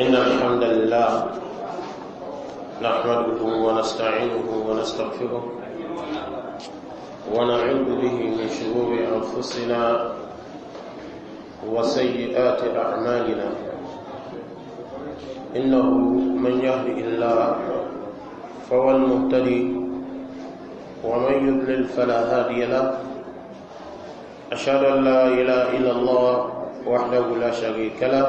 إن الحمد لله نحمده ونستعينه ونستغفره ونعوذ به من شرور أنفسنا وسيئات أعمالنا إنه من يهد الله فهو المهتدي ومن يضلل فلا هادي له أشهد أن لا إله إلا الله وحده لا شريك له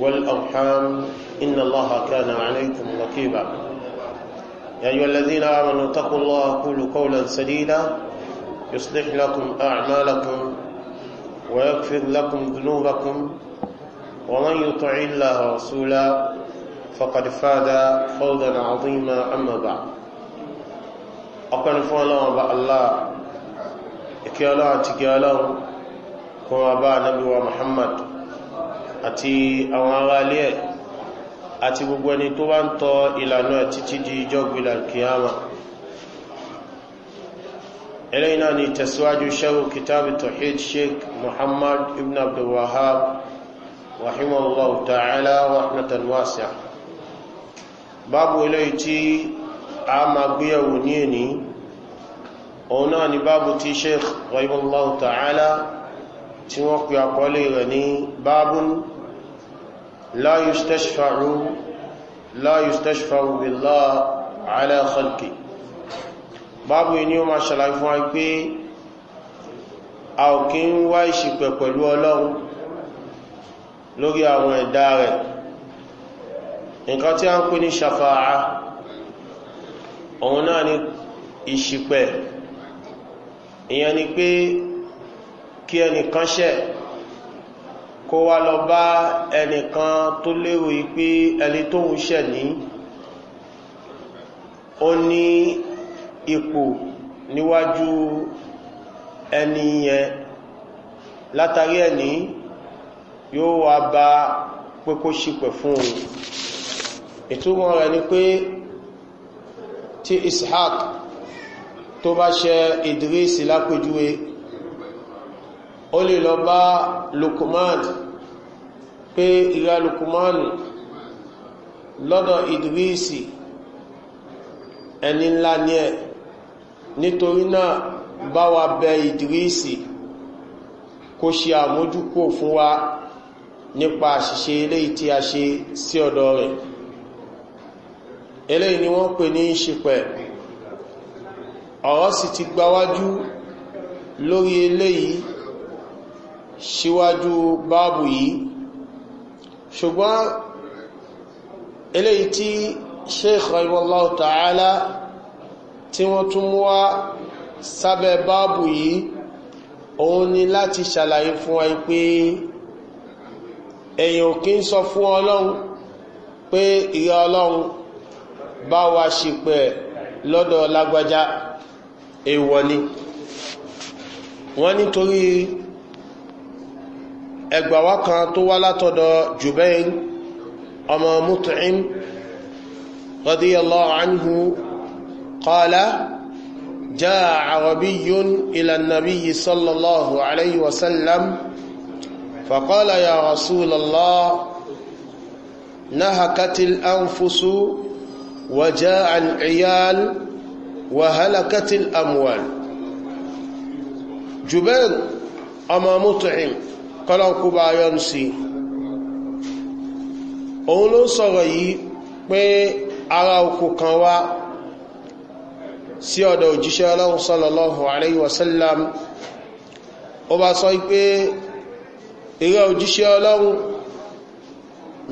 والأرحام إن الله كان عليكم رقيبا يا أيها الذين آمنوا اتقوا الله قولوا قولا سديدا يصلح لكم أعمالكم ويغفر لكم ذنوبكم ومن يطع الله رسولا فقد فاز فوزا عظيما أما بعد أقل فولا الله إكيالا تكيالا كما با نبي محمد àti àwọn ará alẹ́ ẹ̀ àti gbogbo ẹni tó bá ń tọ ìlànà ẹ̀ títí di ìjọ́gbìlà kìíyàmà ẹlẹ́yìn náà ni tẹ̀síwájú sẹ́rù kìtàbí tohid sheik muhammad ibn abdulwahab rahimahullah ta'ala rahmatan wasi'a báàbù eléyìí tí a máa gbéyàwó ní èní òun náà ni báàbù tí sheik rahimahullah ta'ala tí wọ́n pè àkọlé rẹ̀ ní bábún láyústẹ́ṣfàrú bílá aláàkọ́lùkì bábù ní o máa ṣàlàyé fún wa pé a ò kí ń wá ìṣìpẹ̀ pẹ̀lú ọlọ́run lórí àwọn ẹ̀dá rẹ̀ nǹkan tí a ń pè ní ṣàfàá òun náà ni ìṣìpẹ̀ ìyẹn ni pé kí ẹnìkan ṣẹ̀ kó wá lọ bá ẹnìkan tó lérò pé ẹni tóun ṣẹ̀ ní ó ní ipò níwájú ẹni yẹn látàrí ẹni yóò wá bá pé ṣípẹ̀ fún òun ìtumọ̀ rẹ̀ ni pé tí ishaq tó bá ṣe ìdírísì lápèjúwe ó lè lọ bá lukuman pé ìrà lukuman lọ́dọ̀ idrisi ẹni ńlá ní ẹ̀ nítorí náà bá wa bẹ idrisi kó ṣe àmójúkò fún wa nípa àṣìṣe eléyìí tí a ṣe sí ọ̀dọ̀ rẹ̀ eléyìí ni wọ́n pè ní ṣepẹ̀ ọ̀rọ̀ sì ti gbáwájú lórí eléyìí síwájú báàbù yìí ṣùgbọ́n eléyìí tí sheikh rahimallahu ta'ala tí wọ́n tún mú wá sábẹ́ báàbù yìí òun ni láti ṣàlàyé fún wa pé èyàn kí ń sọ fún ọlọ́run pé ìyá ọlọ́run bá wa ṣe pẹ̀ lọ́dọ̀ lágbájá èèwọ̀ ni wọ́n nítorí ẹgbàwá kan tó wá látọ̀dọ̀ jubain ọmọ mutu'in radiyallahu anhu qala jaa arabiyun ila nabiyyi sallallahu alayhi wa sallam فقال يا رسول الله نهكت الأنفس وجاء العيال وهلكت الأموال جبان أما مطعم kọ́lọ́nkú bá yọ́nu sí òun ló sọ̀rọ̀ yìí pé ara okù kan wá sí ọ̀dọ̀ òjíṣẹ́ ọlọ́run sọ́lọ́lọ́hùn àríyí wàsílám ó bá sọ pé ìrẹ́ òjíṣẹ́ ọlọ́run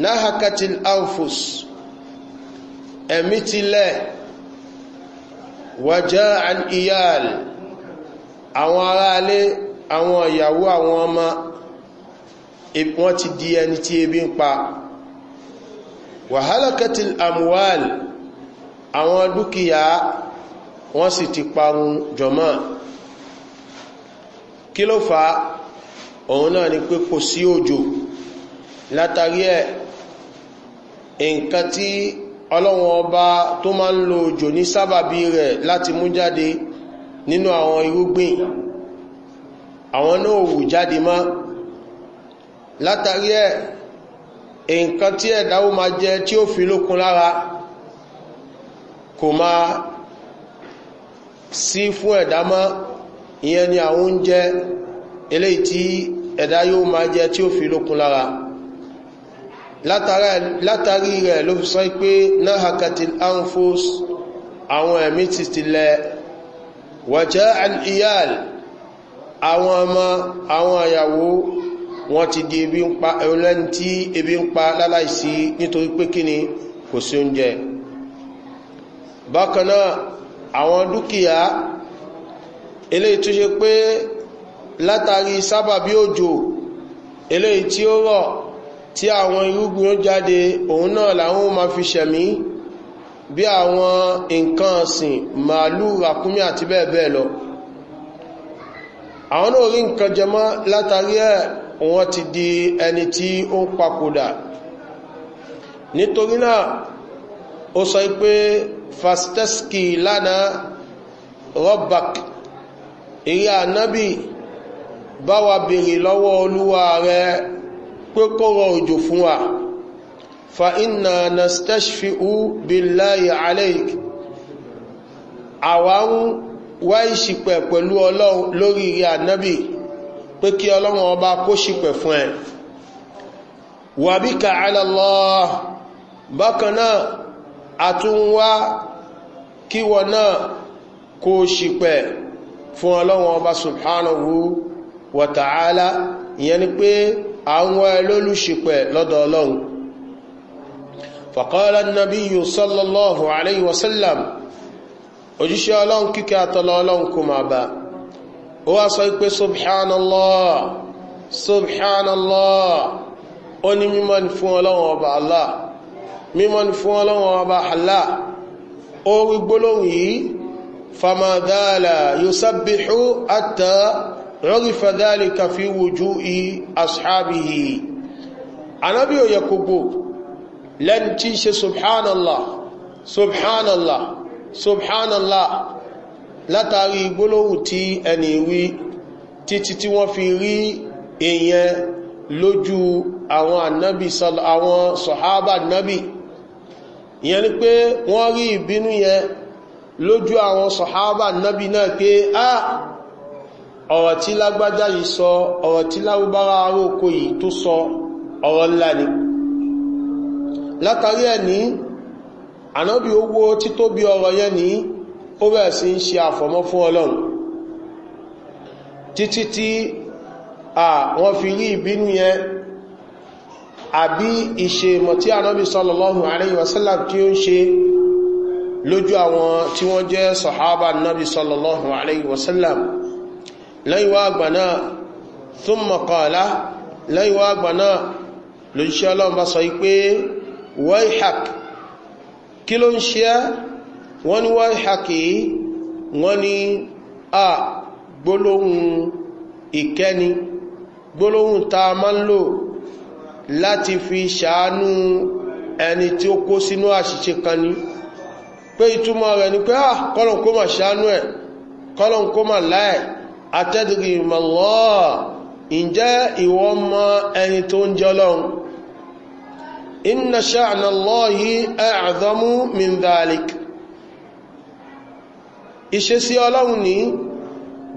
nahakatil alfus ẹ̀mí ti lẹ̀ wàjẹ́ àníyàn àwọn àwọn ìyàwó àwọn ọmọ wọ́n ti di ẹni tí ebi ń pa wàhálàkẹtìl amuwal àwọn dúkìá wọ́n sì ti parun jọmọ́ kí ló fa òun náà ni pé kò sí òjò látàrí ẹ̀ nǹkan tí ọlọ́wọ́n ọba tó máa ń lo òjò ní sábàbí rẹ̀ láti mú jáde nínú àwọn irúgbìn àwọn náà wù jáde máa látàrí ẹ̀ nǹkan tí ẹ̀dáwó máa jẹ tí ó fi lókun lára kò máa sí fún ẹ̀dá mọ́ ìyẹn ni àwọn oúnjẹ eléyìí tí ẹ̀dá yóò máa jẹ tí ó fi lókun lára látàrí rẹ̀ ló fi sọ pé náà hakatil anfos àwọn ẹ̀mí ti tilẹ̀ wàjẹ́ al iyal àwọn ọmọ àwọn àyàwó wọ́n ti di ebi ń pa ẹlẹ́ni tí ebi ń pa láláìsí nítorí pé kí ni kò sí oúnjẹ bákanáà àwọn dúkìá eléyìí tó ṣe pé látàrí sábàbí òjò eléyìí tí ó rọ̀ tí àwọn irúgbìn ó jáde òun náà làwọn ma fi ṣẹ̀mí bí àwọn nǹkan ọ̀sìn màálù ràkúnmí àti bẹ́ẹ̀ bẹ́ẹ̀ lọ àwọn náà rí nǹkan jẹmọ́ látàrí ẹ̀ wọ́n ti di ẹni tí ó papòdà nítorí náà ó sọ pé fasteski lánàá rọ́bàk eré ànábì báwa bèèrè lọ́wọ́ olúwa rẹ pé kó rọ òjò fún wa fa iná na stashfi u billahi alaik àwọn wáìsìpẹ̀ pẹ̀lú ọlọ́run lórí ànábì pé kí ọlọ́run ọba kó ṣìpẹ̀ fún ẹ wà bí ká alàlọ́ bákanáà àtúnwá kíwọ náà kó fún ọlọ́run ọba subhanahu wàtàálá ìyẹn ni pé àwọn ẹlólùṣìpẹ̀ lọ́dọ̀ ọlọ́run fàkọ́lá nàbí yóò sọ́lọ́lọ́hùn àríwọ̀sálàm ọlọ́run kíkẹ́ àtọ́lọ́ ọlọ́run kò máa bá ó wá sọ pé subhanallah subhanallah ó ní mímọ́ ni fún ọlọ́wọ́n ọba allah mímọ́ ni fún ọlọ́wọ́n ọba allah ó wí gbólóhùn yìí famadala yusabihu ata rọ́gífà dálíkà fi wùjú i asáàbìhì anábí òyẹ kogbo lẹ́ni tí ṣe subhanallah subhanallah subhanallah látàrí gbólóhùn tí ẹni wí títí tí wọ́n fi rí èèyàn lójú àwọn ànábì àwọn sọ̀hábà nábì ìyẹn ni pé wọ́n rí ìbínú yẹn lójú àwọn sọ̀hábà nábì náà pé á ọ̀rọ̀ tí lágbájá yìí sọ ọ̀rọ̀ tí lárúbára aróko yìí tó sọ ọ̀rọ̀ ńlá ni látàrí ẹ̀ ní owó títóbi ọ̀rọ̀ yẹn nìí ó bẹ̀rẹ̀ sí ń ṣe àfọ̀mọ́ fún ọlọ́run títí tí à wọ́n fi rí ìbínú yẹn àbí ìṣe mọ̀ tí ànábì sọ́lọ̀lọ́hùn àríyìn wàsílàm tí ó ń ṣe lójú àwọn tí wọ́n jẹ́ sọ̀hábà náàbì sọ́lọ̀lọ́hùn àríyìn wàsílàm wọ́n ni wọ́n hàkì wọ́n ni a gbólóhun ìkẹni gbólóhun ta ma ń lò láti fi ṣàánú ẹni tí ó kó sínú àṣìṣe kan ní pé ìtumọ̀ rẹ̀ ni pé à kọ́lọ̀n kó mà ṣàánú ẹ̀ kọ́lọ̀n kó mà láẹ̀ atẹ́dìrì mọ̀lọ́ ìjẹ́ ìwọ́n ẹni tó ń jẹ́ inna sha'na allahi min dhalik ìṣesí ọlọ́run ní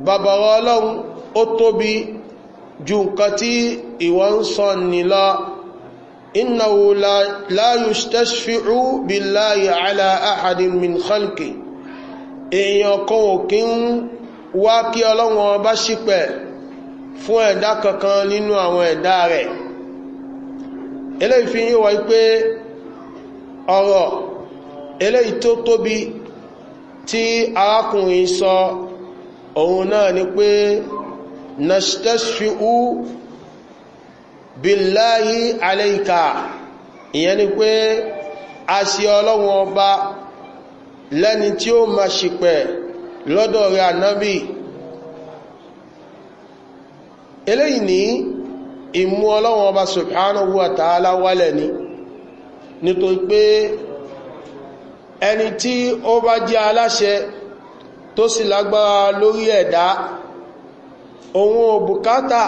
bàbàrà ọlọ́run ó tóbi ju nǹkan tí ìwọ ń sọ nílọ innahu la yustashfi'u billahi ala ahadin min khalqi èèyàn kan ò kí ń wá kí ọlọ́run ọba ṣípẹ̀ fún ẹ̀dá kankan nínú àwọn ẹ̀dá rẹ̀ eléyìí fi yíwọ pé ọ̀rọ̀ eléyìí tó tóbi tí arákùnrin sọ òun náà ni pé nastashfi'u billahi alayka ìyẹn ni pé a sí ọlọ́run ọba lẹ́ni tí ó ma ṣìpẹ̀ lọ́dọ̀ rẹ̀ ànábì eléyìí ní ìmú ọlọ́run ọba subhanahu wa wálẹ̀ ni nítorí pé ẹni tí ó bá jẹ́ aláṣẹ tó sì lágbára lórí ẹ̀dá òun ò bùkátà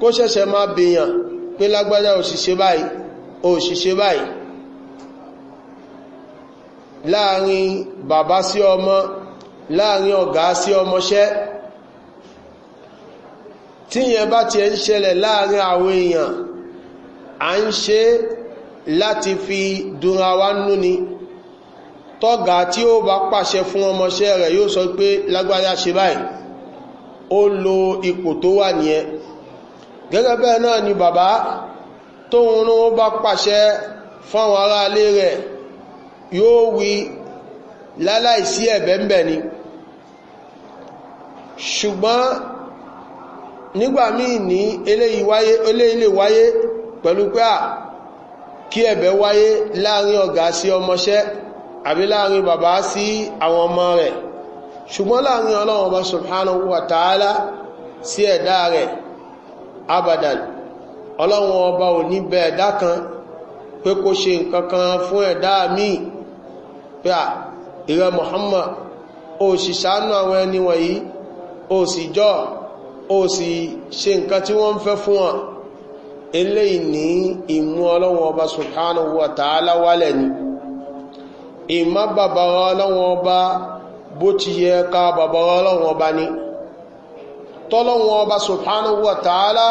kó ṣẹ̀ṣẹ̀ máa bèèyàn pé lágbájá òṣìṣẹ́ báyìí òṣìṣẹ́ báyìí láàrin bàbá sí ọmọ láàrin ọ̀gá sí ọmọṣẹ́ tíyẹn bá ti ń ṣẹlẹ̀ láàrin àwọn èèyàn à ń ṣe láti fi dúnra wá nú ni tọ́gà tí ó bá pàṣẹ fún ọmọṣẹ́ rẹ̀ yóò sọ pé lágbájá ṣe báyìí ó lo ipò tó wà nìyẹn gẹ́gẹ́ bẹ́ẹ̀ náà ni bàbá tóun ní ó bá pàṣẹ fáwọn ará ilé rẹ̀ yóò wí láláìsí ẹ̀bẹ̀m̀bẹ̀ ni ṣùgbọ́n nígbà míì ní eléyìí lè wáyé pẹ̀lú pé à kí ẹ̀bẹ̀ wáyé láàrin ọ̀gá sí ọmọṣẹ́ àbí láàrin bàbá sí àwọn ọmọ rẹ̀ ṣùgbọ́n láàrin ọlọ́run ọba subhanahu wa ta'ala sí ẹ̀dá rẹ̀ abadan ọlọ́run ọba ò ní bẹ ẹ̀dá kan pé kó ṣe nǹkan kan fún ẹ̀dá míì pé à ìrẹ muhammad ó sì sánú àwọn ẹni wọ̀nyí ó sì jọ ó sì ṣe nǹkan tí wọ́n fẹ́ fún wọn eléyìí ní ìmú ọlọ́run ọba subhanahu wa ta'ala wálẹ̀ ni. Wa ìmá bàbára ọlọ́wọ́n ọba bó ti yẹ ká bàbára ọlọ́wọ́n ọba ni tọ́lọ́wọ́n ọba subhanahu wa ta'ala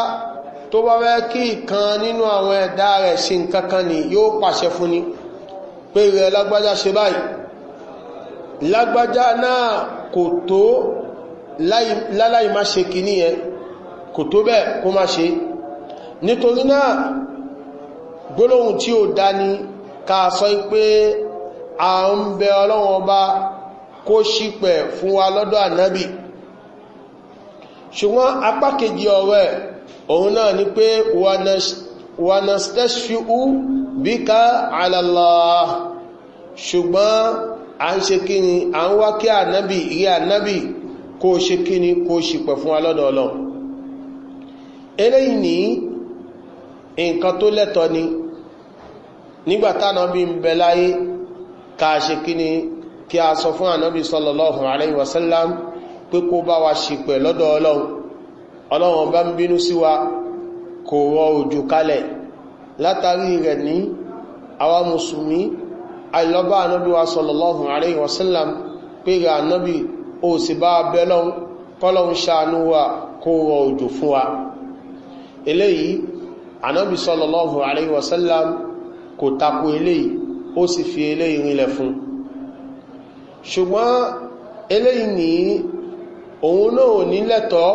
tó bá rẹ́ kí ìkan nínú àwọn ẹ̀dá rẹ̀ sí nkankan ni yóò pàṣẹ fún ni pé rẹ̀ lágbájá ṣe báyìí lágbájá náà kò tó láláì má ṣe kì níyẹn kò tó bẹ́ẹ̀ kó má ṣe nítorí náà gbólóhùn tí ó dá ní ká sọ pé a ń bẹ ọlọ́wọ́n bá kó ṣípẹ̀ fún wa lọ́dọ̀ ànábì ṣùgbọ́n apá kejì ọ̀rẹ́ òun náà ni pé wanastesfiu bí ká alàlá ṣùgbọ́n a ń ṣe kíni a ń wá kí ànábì rí ànábì kó ṣe kíni kó ṣípẹ̀ fún wa lọ́dọ̀ ọlọ́ nígbàtánà bí ń bẹ láyé ká ṣe kí ni kí a sọ fún ànábì sallallahu alayhi wasallam pé kó bá wa ṣe pẹ̀ lọ́dọ̀ ọlọ́run ọlọ́run bá ń bínú sí wa kò rọ òjò kalẹ̀ látàrí rẹ̀ ní àwa musulmi àìlọ́bá ànábì wa sallallahu alayhi wasallam pé rẹ̀ ànábì ó sì fi eléyìn rinlẹ̀ fún ṣùgbọ́n eléyìn ní òun náà ní lẹ́tọ́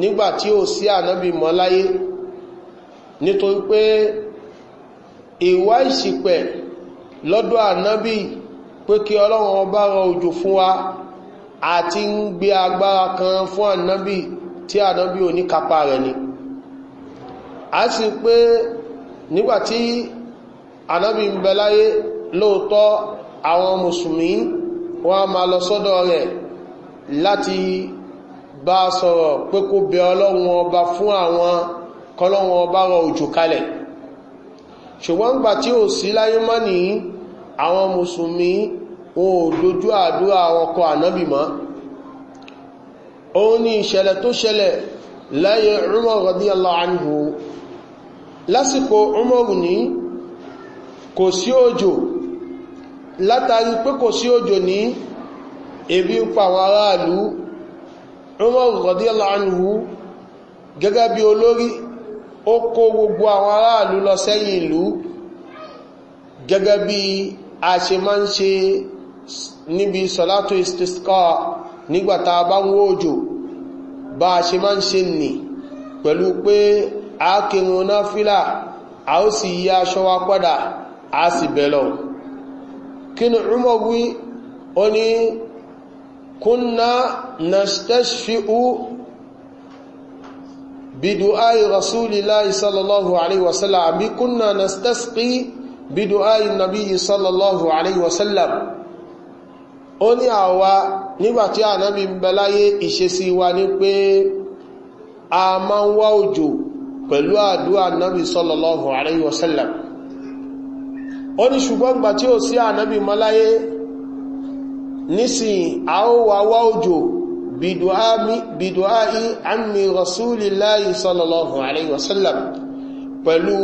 nígbàtí ó sí ànábì mọ́ láyé nítorí pé ìwá ìsìpẹ̀ lọ́dọ̀ ànábì pé kí ọlọ́run ọba rọ òjò fún wa àti ń gbé agbára kan fún ànábì tí ànábì ò ní kapa rẹ̀ ni a sì pé nígbàtí anábì ń bẹ láyé lóòótọ́ àwọn mùsùlùmí wọ́n ma lọ sọ́dọ̀ rẹ̀ láti bá sọ̀rọ̀ pé kó bẹ ọlọ́run ọba fún àwọn kọlọ́run ọba rọ òjò kalẹ̀ ṣùgbọ́n gbà tí ò sí láyé mọ́ ní àwọn mùsùlùmí wọn ò dojú àdúrà àwọn kọ ànábì mọ́ òun ni ìṣẹ̀lẹ̀ tó ṣẹlẹ̀ láyé rúmọ̀ rọ̀dí aláàánihò lásìkò rúmọ̀rù ní kò sí òjò látàrí pé kò sí òjò ní èbí ń pa àwọn aráàlú rọmọrù rọ̀díọ̀lá gẹ́gẹ́ bí olórí ó kó gbogbo àwọn aráàlú lọ sẹ́yìn ìlú gẹ́gẹ́ bí a ṣe máa ń ṣe níbi sọ́látò istisqa nígbàtà bá ń òjò bá a ṣe máa ń ṣe nì pẹ̀lú a a sì bẹ̀lọ kí ni Umar wí ó ní kúnna nastashfi'u bidu'ai rasulillahi sallallahu alaihi wasallam àbí kúnna nastasqi bidu'ai nabiyyi sallallahu alaihi wasallam ó ní àwa nígbàtí ànábì bẹ̀láyé ìṣesí wa ní pé a máa ń wá òjò pẹ̀lú àdúrà nábi sallallahu alaihi wasallam ó ní ṣùgbọ́n gbà tí ó sí ànábì mọ́láyé nísìn àówàwá òjò bìdùáì àmì rasulillahi sallallahu alaihi wasallam pẹ̀lú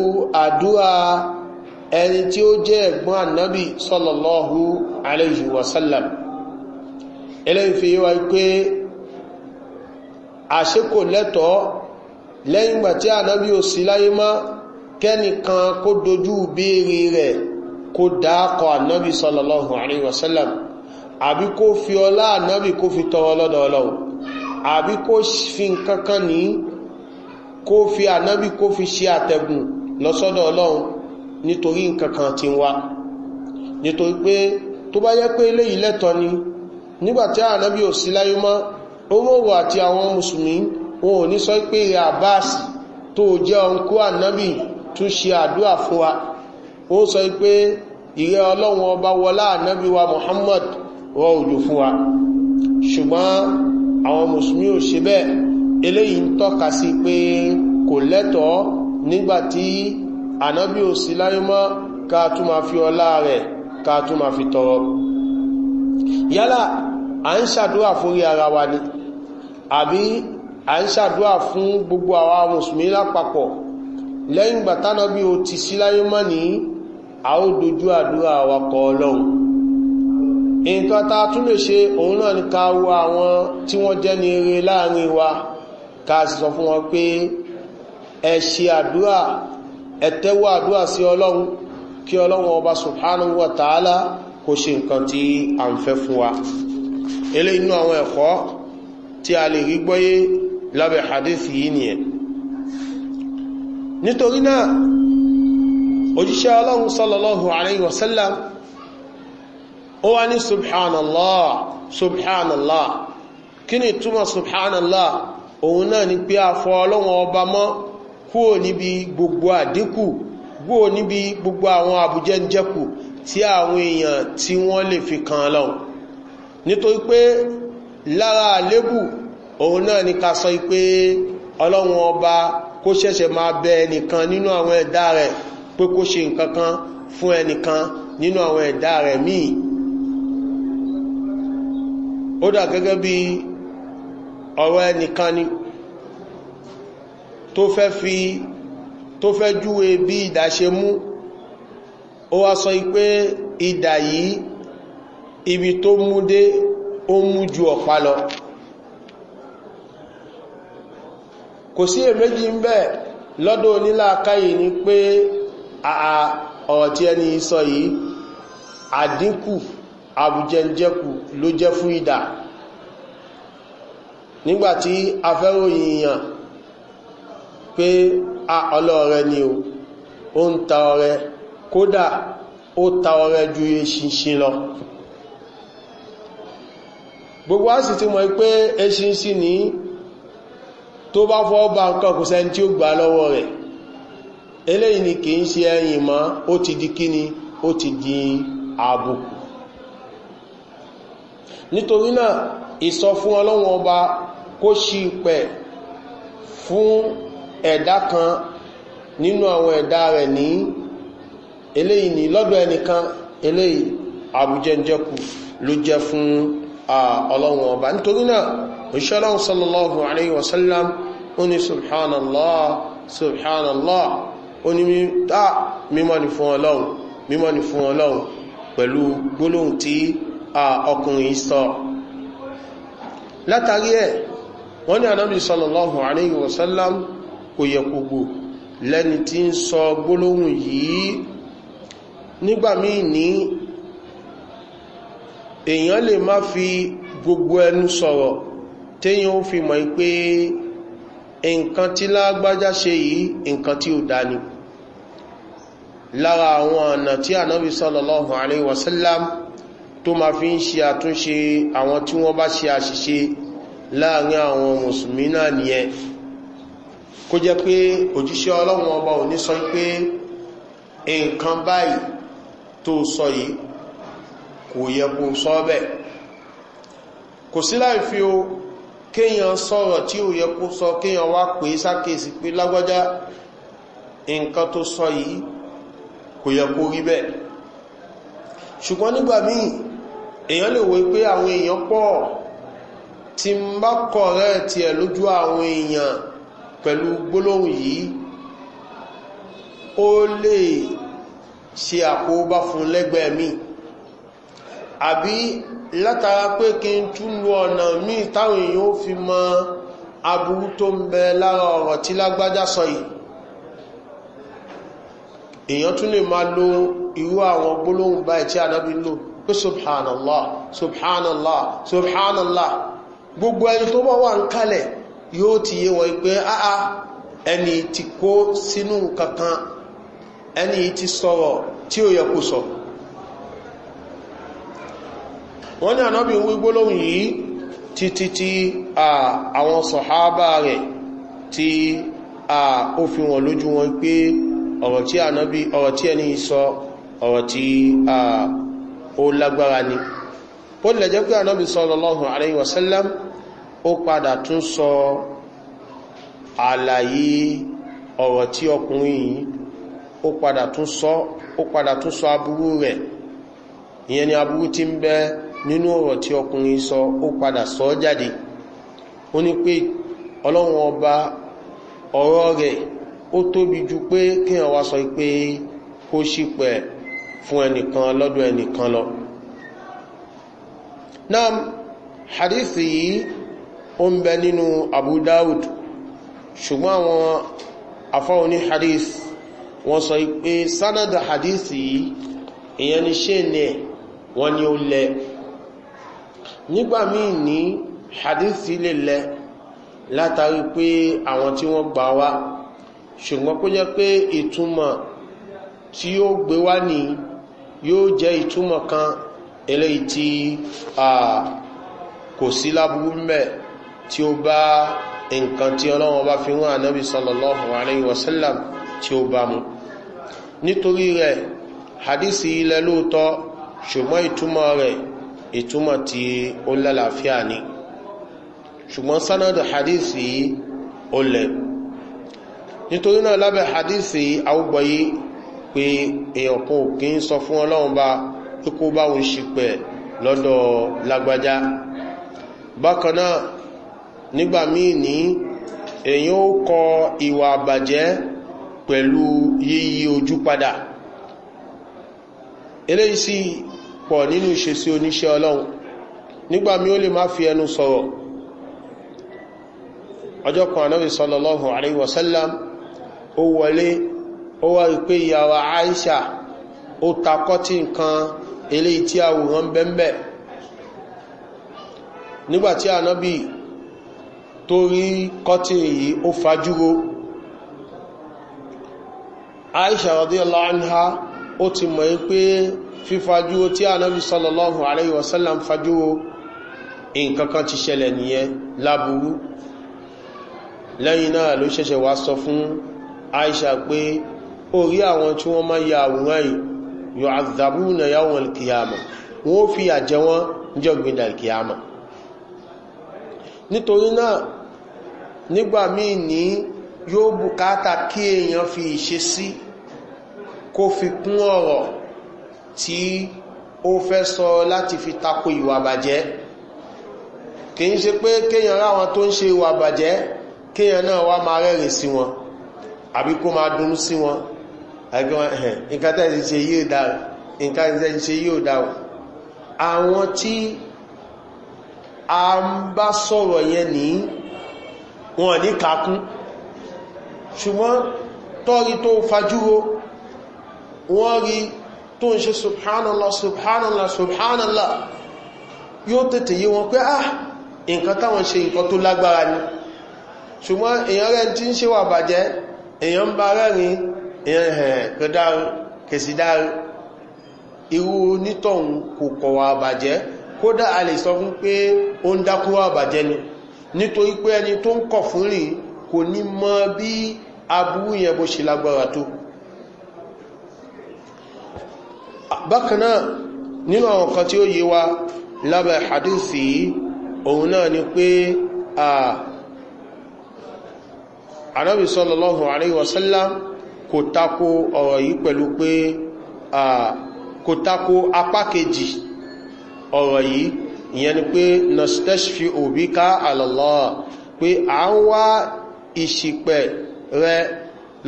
àdúrà ẹni tí ó jẹ́ ẹ̀gbọ́n ànábì sallallahu alaihi wasallam eléyìn fi yíwa pé àṣekò lẹ́tọ̀ọ́ lẹ́yìn gbà tí ànábì ò sí láyé mọ́ kẹ́nìkan kó dojú béèrè rẹ̀ kó dákọ̀ ànábì sallallahu alaihi wasallam àbí kó fi ọlá ànábì kó fi tọwọ́ lọ́dọ̀ ọlọ́run àbí kó fi nkankan ní kó fi ànábì kó fi ṣe àtẹ̀gùn lọ́sọ́dọ̀ ọlọ́run nítorí nkankan ti wá nítorí pé tó bá yẹ pé eléyìí lẹ́tọ́ ni nígbàtí ànábì ò sí láyé tó jẹ́ ọkú ànábì tún ṣe àdúà fún wa ó sọ pé ìrẹ́ ọlọ́run ọba wọlá ànábí wa muhammad rọ òjò fún wa ṣùgbọ́n àwọn musulmi ò ṣe bẹ́ẹ̀ eléyìí ń tọ́ka sí pé kò lẹ́tọ̀ọ́ nígbàtí ànábí ò sí láyúmọ́ ká tún ma fi ọlá rẹ̀ ká tún ma fi tọrọ yálà à ń ṣàdúrà fórí ara wa ni àbí à ń ṣàdúrà fún gbogbo àwọn musulmi lápapọ̀ lẹ́yìn gbàtánà bí o ti sí láyúmọ́ nìyí a ó dojú àdúrà wa kọ ọlọ́run nǹkan ta tún lè ṣe òun náà ni ká wo àwọn tí wọ́n jẹ́ ní eré láàrin wa ká sì sọ fún wọn pé ẹ ṣe àdúrà ẹ tẹ́wọ́ àdúrà sí ọlọ́run kí ọlọ́run ọba subhanahu wa ta'ala kò ṣe nǹkan tí a ń fẹ́ fún wa ilé inú àwọn ẹ̀kọ́ tí a lè rí gbọ́yé lábẹ̀ hadith yìí nìyẹn nítorí náà òjíṣẹ́ ọlọ́run sallallahu alayhi wasallam ó wá ní subhanallah subhanallah kí ni túnmọ̀ subhanallah òun náà ni pé afọ ọlọ́run ọba mọ́ kúò níbi gbogbo àdínkù kúò níbi gbogbo àwọn àbújẹ́njẹ́kù tí àwọn èèyàn tí wọ́n lè fi kan lọ nítorí pé lára àlébù òun náà ni ká sọ pé ọlọ́run ọba kó ṣẹ̀ṣẹ̀ máa bẹ ẹnìkan nínú àwọn ẹ̀dá rẹ̀ pé kó ṣe nǹkan kan fún ẹnìkan nínú àwọn ẹ̀dá rẹ̀ míì ó dà gẹ́gẹ́ bí ọ̀rọ̀ ẹnìkan ni tó fẹ́ fi tó fẹ́ júwe bí ìdà ṣe mú ó wá sọ pé ìdà yìí ibi tó mú dé ó mú ju ọ̀pá lọ kò sí èméjì ń bẹ̀ lọ́dọ̀ onílàákáyì ni pé àà ọ̀rọ̀ tí ẹni sọ yìí àdínkù àbújẹnjẹ́kù ló jẹ́ fún ìdà nígbàtí afẹ́ròyìn pé a ọlọ́ọ̀rẹ ni o ó ń ta ọrẹ kódà ó ta ọrẹ ju eṣinṣin lọ gbogbo a sì ti mọ̀ pé eṣinṣin ní tó bá fọ́ bá nǹkan kò sẹ́ni tí ó gbà lọ́wọ́ rẹ̀ eléyìí ni si ṣe ma o ti di kíni ó ti di àbùkù nítorí náà ìsọ fún ọlọ́wọ́n ọba kó ṣí pẹ̀ fún ẹ̀dá kan nínú àwọn ẹ̀dá rẹ̀ ní eléyìí ni lọ́dọ̀ ẹnìkan eléyìí àbújẹ́jẹ́kù ló jẹ́ fún ọlọ́wọ́n ọba nítorí náà ìṣọ́lọ́wọ́ sallallahu alayhi wasallam ó ní subhanallah subhanallah ó ní tá mímọ́ ni fún ọlọ́run mímọ́ ni fún ọlọ́run pẹ̀lú gbólóhùn tí ọkùnrin sọ látàrí ẹ̀ wọ́n ní anábì sọlọ̀lọ́hùn àríyìn wọ̀sánlám kò yẹ gbogbo lẹ́ni tí ń sọ gbólóhùn yìí nígbàmí ní èèyàn lè má fi gbogbo ẹnu sọ̀rọ̀ téyàn ó fi mọ̀ pé nǹkan tí lágbájá ṣe yìí nǹkan tí ó dá ni lára àwọn ọ̀nà tí ànábi sọ́lọ̀lọ́hùn àríwá wàsílám tó ma fi ń ṣe àtúnṣe àwọn tí wọ́n bá ṣe àṣìṣe láàrin àwọn mùsùlùmí náà nìyẹn kó jẹ́ pé òjíṣẹ́ ọlọ́run ọba ò ní sọ pé nǹkan báyìí tó sọ yìí kò yẹ kó sọ bẹ́ẹ̀ kò sí láì fi o kéèyàn sọ̀rọ̀ tí ò yẹ kó sọ kéèyàn wá pè é sákèsí pé lágbájá nǹkan tó sọ yìí kò yẹ kó rí bẹ́ẹ̀ ṣùgbọ́n nígbà míì èèyàn lè wo pé àwọn èèyàn pọ̀ tí ń bá kọ̀rẹ́ tiẹ̀ lójú àwọn èèyàn pẹ̀lú gbólóhùn yìí ó lè ṣe àkóbá fún lẹ́gbẹ̀ẹ́ mi àbí látara pé kí n tún lu ọ̀nà míì táwọn èèyàn ó fi mọ aburú tó ń bẹ lára ọ̀rọ̀ tí lágbájá sọ yìí èèyàn tún lè máa lo irú àwọn gbólóhùn báyìí tí anábí lò pé subhanallah subhanallah subhanallah gbogbo ẹni tó bá wà ń kalẹ̀ yóò ti yé wọ́n pé áá ẹni ti kó sínú kankan ẹni ti sọ̀rọ̀ tí ó yẹ kó sọ wọ́n ní anábí wí gbólóhùn yìí títí tí àwọn sọ̀hábà rẹ̀ tí ó fi wọ̀n lójú wọn pé ọ̀rọ̀ tí ànábí ọ̀rọ̀ tí ẹni sọ ọ̀rọ̀ tí ó lágbára ni ó lè jẹ́ pé ànábí sọ́lọ́lọ́hùn àríyìn wàsálàm ó padà tún sọ àlàyé ọ̀rọ̀ tí ọkùnrin yìí ó padà tún sọ ọ̀rọ̀ ó tóbi ju pé kí wọ́n wá sọ pé kó ṣípẹ̀ fún ẹnìkan lọ́dọ̀ ẹnìkan lọ náà hadithi yìí ó ń bẹ nínú abu dawud ṣùgbọ́n àwọn afọ́wọ́ ní hadith wọ́n sọ pé sanada hadithi yìí èyàn ni ṣe ní ẹ̀ wọ́n ni ó lẹ nígbà ní hadithi lè lẹ látàrí pé àwọn tí wọ́n gbà wá ṣùgbọ́n kó jẹ́ pé ìtumọ̀ tí ó gbé wá ní yóò jẹ́ ìtumọ̀ kan eléyìí tí kò sí lábúrú mẹ́ tí ó bá nǹkan tí ọlọ́wọ́n bá fi wọ́n ànábì sallallahu alayhi wasallam sallam tí ó bá mu nítorí rẹ̀ hadisi ilẹ̀ lóòótọ́ ṣùgbọ́n ìtumọ̀ rẹ̀ ìtumọ̀ tí ó lálàáfíà ni ṣùgbọ́n sanadu hadisi ó nítorí náà lábẹ́ hadithi àwùgbọ̀yí pé èèyàn kan ò kí ń sọ fún ọlọ́run bá tó kó bá òun ṣìpẹ̀ lọ́dọ̀ lágbájá bákan náà nígbà míì ní èèyàn ó kọ ìwà àbàjẹ́ pẹ̀lú yíyí ojú padà eléyìí sì pọ̀ nínú ìṣesí oníṣẹ́ ọlọ́run nígbà mí ó fi ẹnu ó wọlé ó wá rí pé ìyàwó aisha ó ta kọ́tí nǹkan eléyìí tí àwòrán bẹ́ńbẹ́ nígbàtí ànábì tó rí kọ́tí yìí ó fajúro aisha radiyallahu anha ó ti mọ̀ yí pé fífajúro tí ànábì sallallahu alayhi wasallam fajúro nkankan ti ṣẹlẹ̀ nìyẹn láburú lẹ́yìn náà ló ṣẹ̀ṣẹ̀ wá sọ fún aisha pé orí àwọn tí wọ́n máa ya àwòrán yìí àzàbù na yàwọn alkiyama wọ́n fi àjẹ wọn jọgbìn alkiyama nítorí náà nígbà míì ní yóò bukata kí èèyàn fi ìṣe sí kó fi kún ọ̀rọ̀ tí ó fẹ́ sọ láti fi tako ìwà bàjẹ́ kìí ṣe pé kéèyàn ráwọn tó ń ṣe ìwà bàjẹ́ kéèyàn náà wá máa rẹ́rìn sí wọn àbí kó máa dunú sí wọn àbí wọn ẹ̀hẹ̀n nǹkan àwọn tí a ń bá sọ̀rọ̀ yẹn ní wọn ní kakún ṣùgbọ́n tọ́rí tó fajúro wọ́n rí tó ń ṣe subhanallah subhanallah subhanallah yóò tètè yí wọn pé ah nǹkan táwọn ṣe nǹkan tó lágbára ni ṣùgbọ́n èèyàn rẹ̀ tí ń ṣe wà bàjẹ́ èyàn bá rẹ́rin èyàn hẹ̀n kò dáru kèsì dáru irú onítọ̀hún kò kọ̀wà àbàjẹ́ kódà a lè sọ fún pé ó ń dákúrò àbàjẹ́ ni nítorí pé ẹni tó ń kọ̀ fún rí kò ní mọ bí aburú yẹn bó ṣe lágbára tó bákanáà nínú àwọn kan tí ó yé lábẹ̀ hadisi òun náà ni pé àà anábì sọ́lọ́lọ́hùn àríwọ̀sọ́lá kò tako ọ̀rọ̀ yìí pẹ̀lú pé kò tako apá kejì ọ̀rọ̀ yìí ìyẹn ni pé nastashfi òbí ká àlọ́lọ́ pé à ń wá ìṣìpẹ̀ rẹ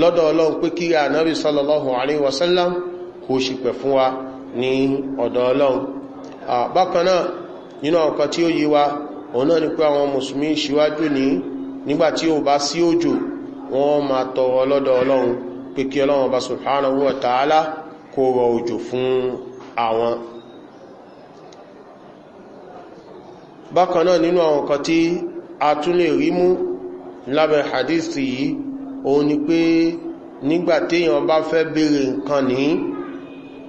lọ́dọ̀ ọlọ́run pé kí anábì sọ́lọ́lọ́hùn àríwọ̀sọ́lá kò ṣìpẹ̀ fún wa ní ọ̀dọ̀ ọlọ́run bákan náà nínú ọ̀kan tí ó yí wa òun ni pé àwọn mùsùlùmí ṣíwájú ní nígbàtí ò bá sí òjò wọ́n ma tọrọ lọ́dọ̀ ọlọ́run pé kí ọlọ́run ọba subhanahu wa ta'ala kó rọ òjò fún àwọn bákan náà nínú àwọn kan tí a tún lè rí mú lábẹ́ hadith yìí òun ni pé nígbàtéèyàn bá fẹ́ bèèrè nǹkan ní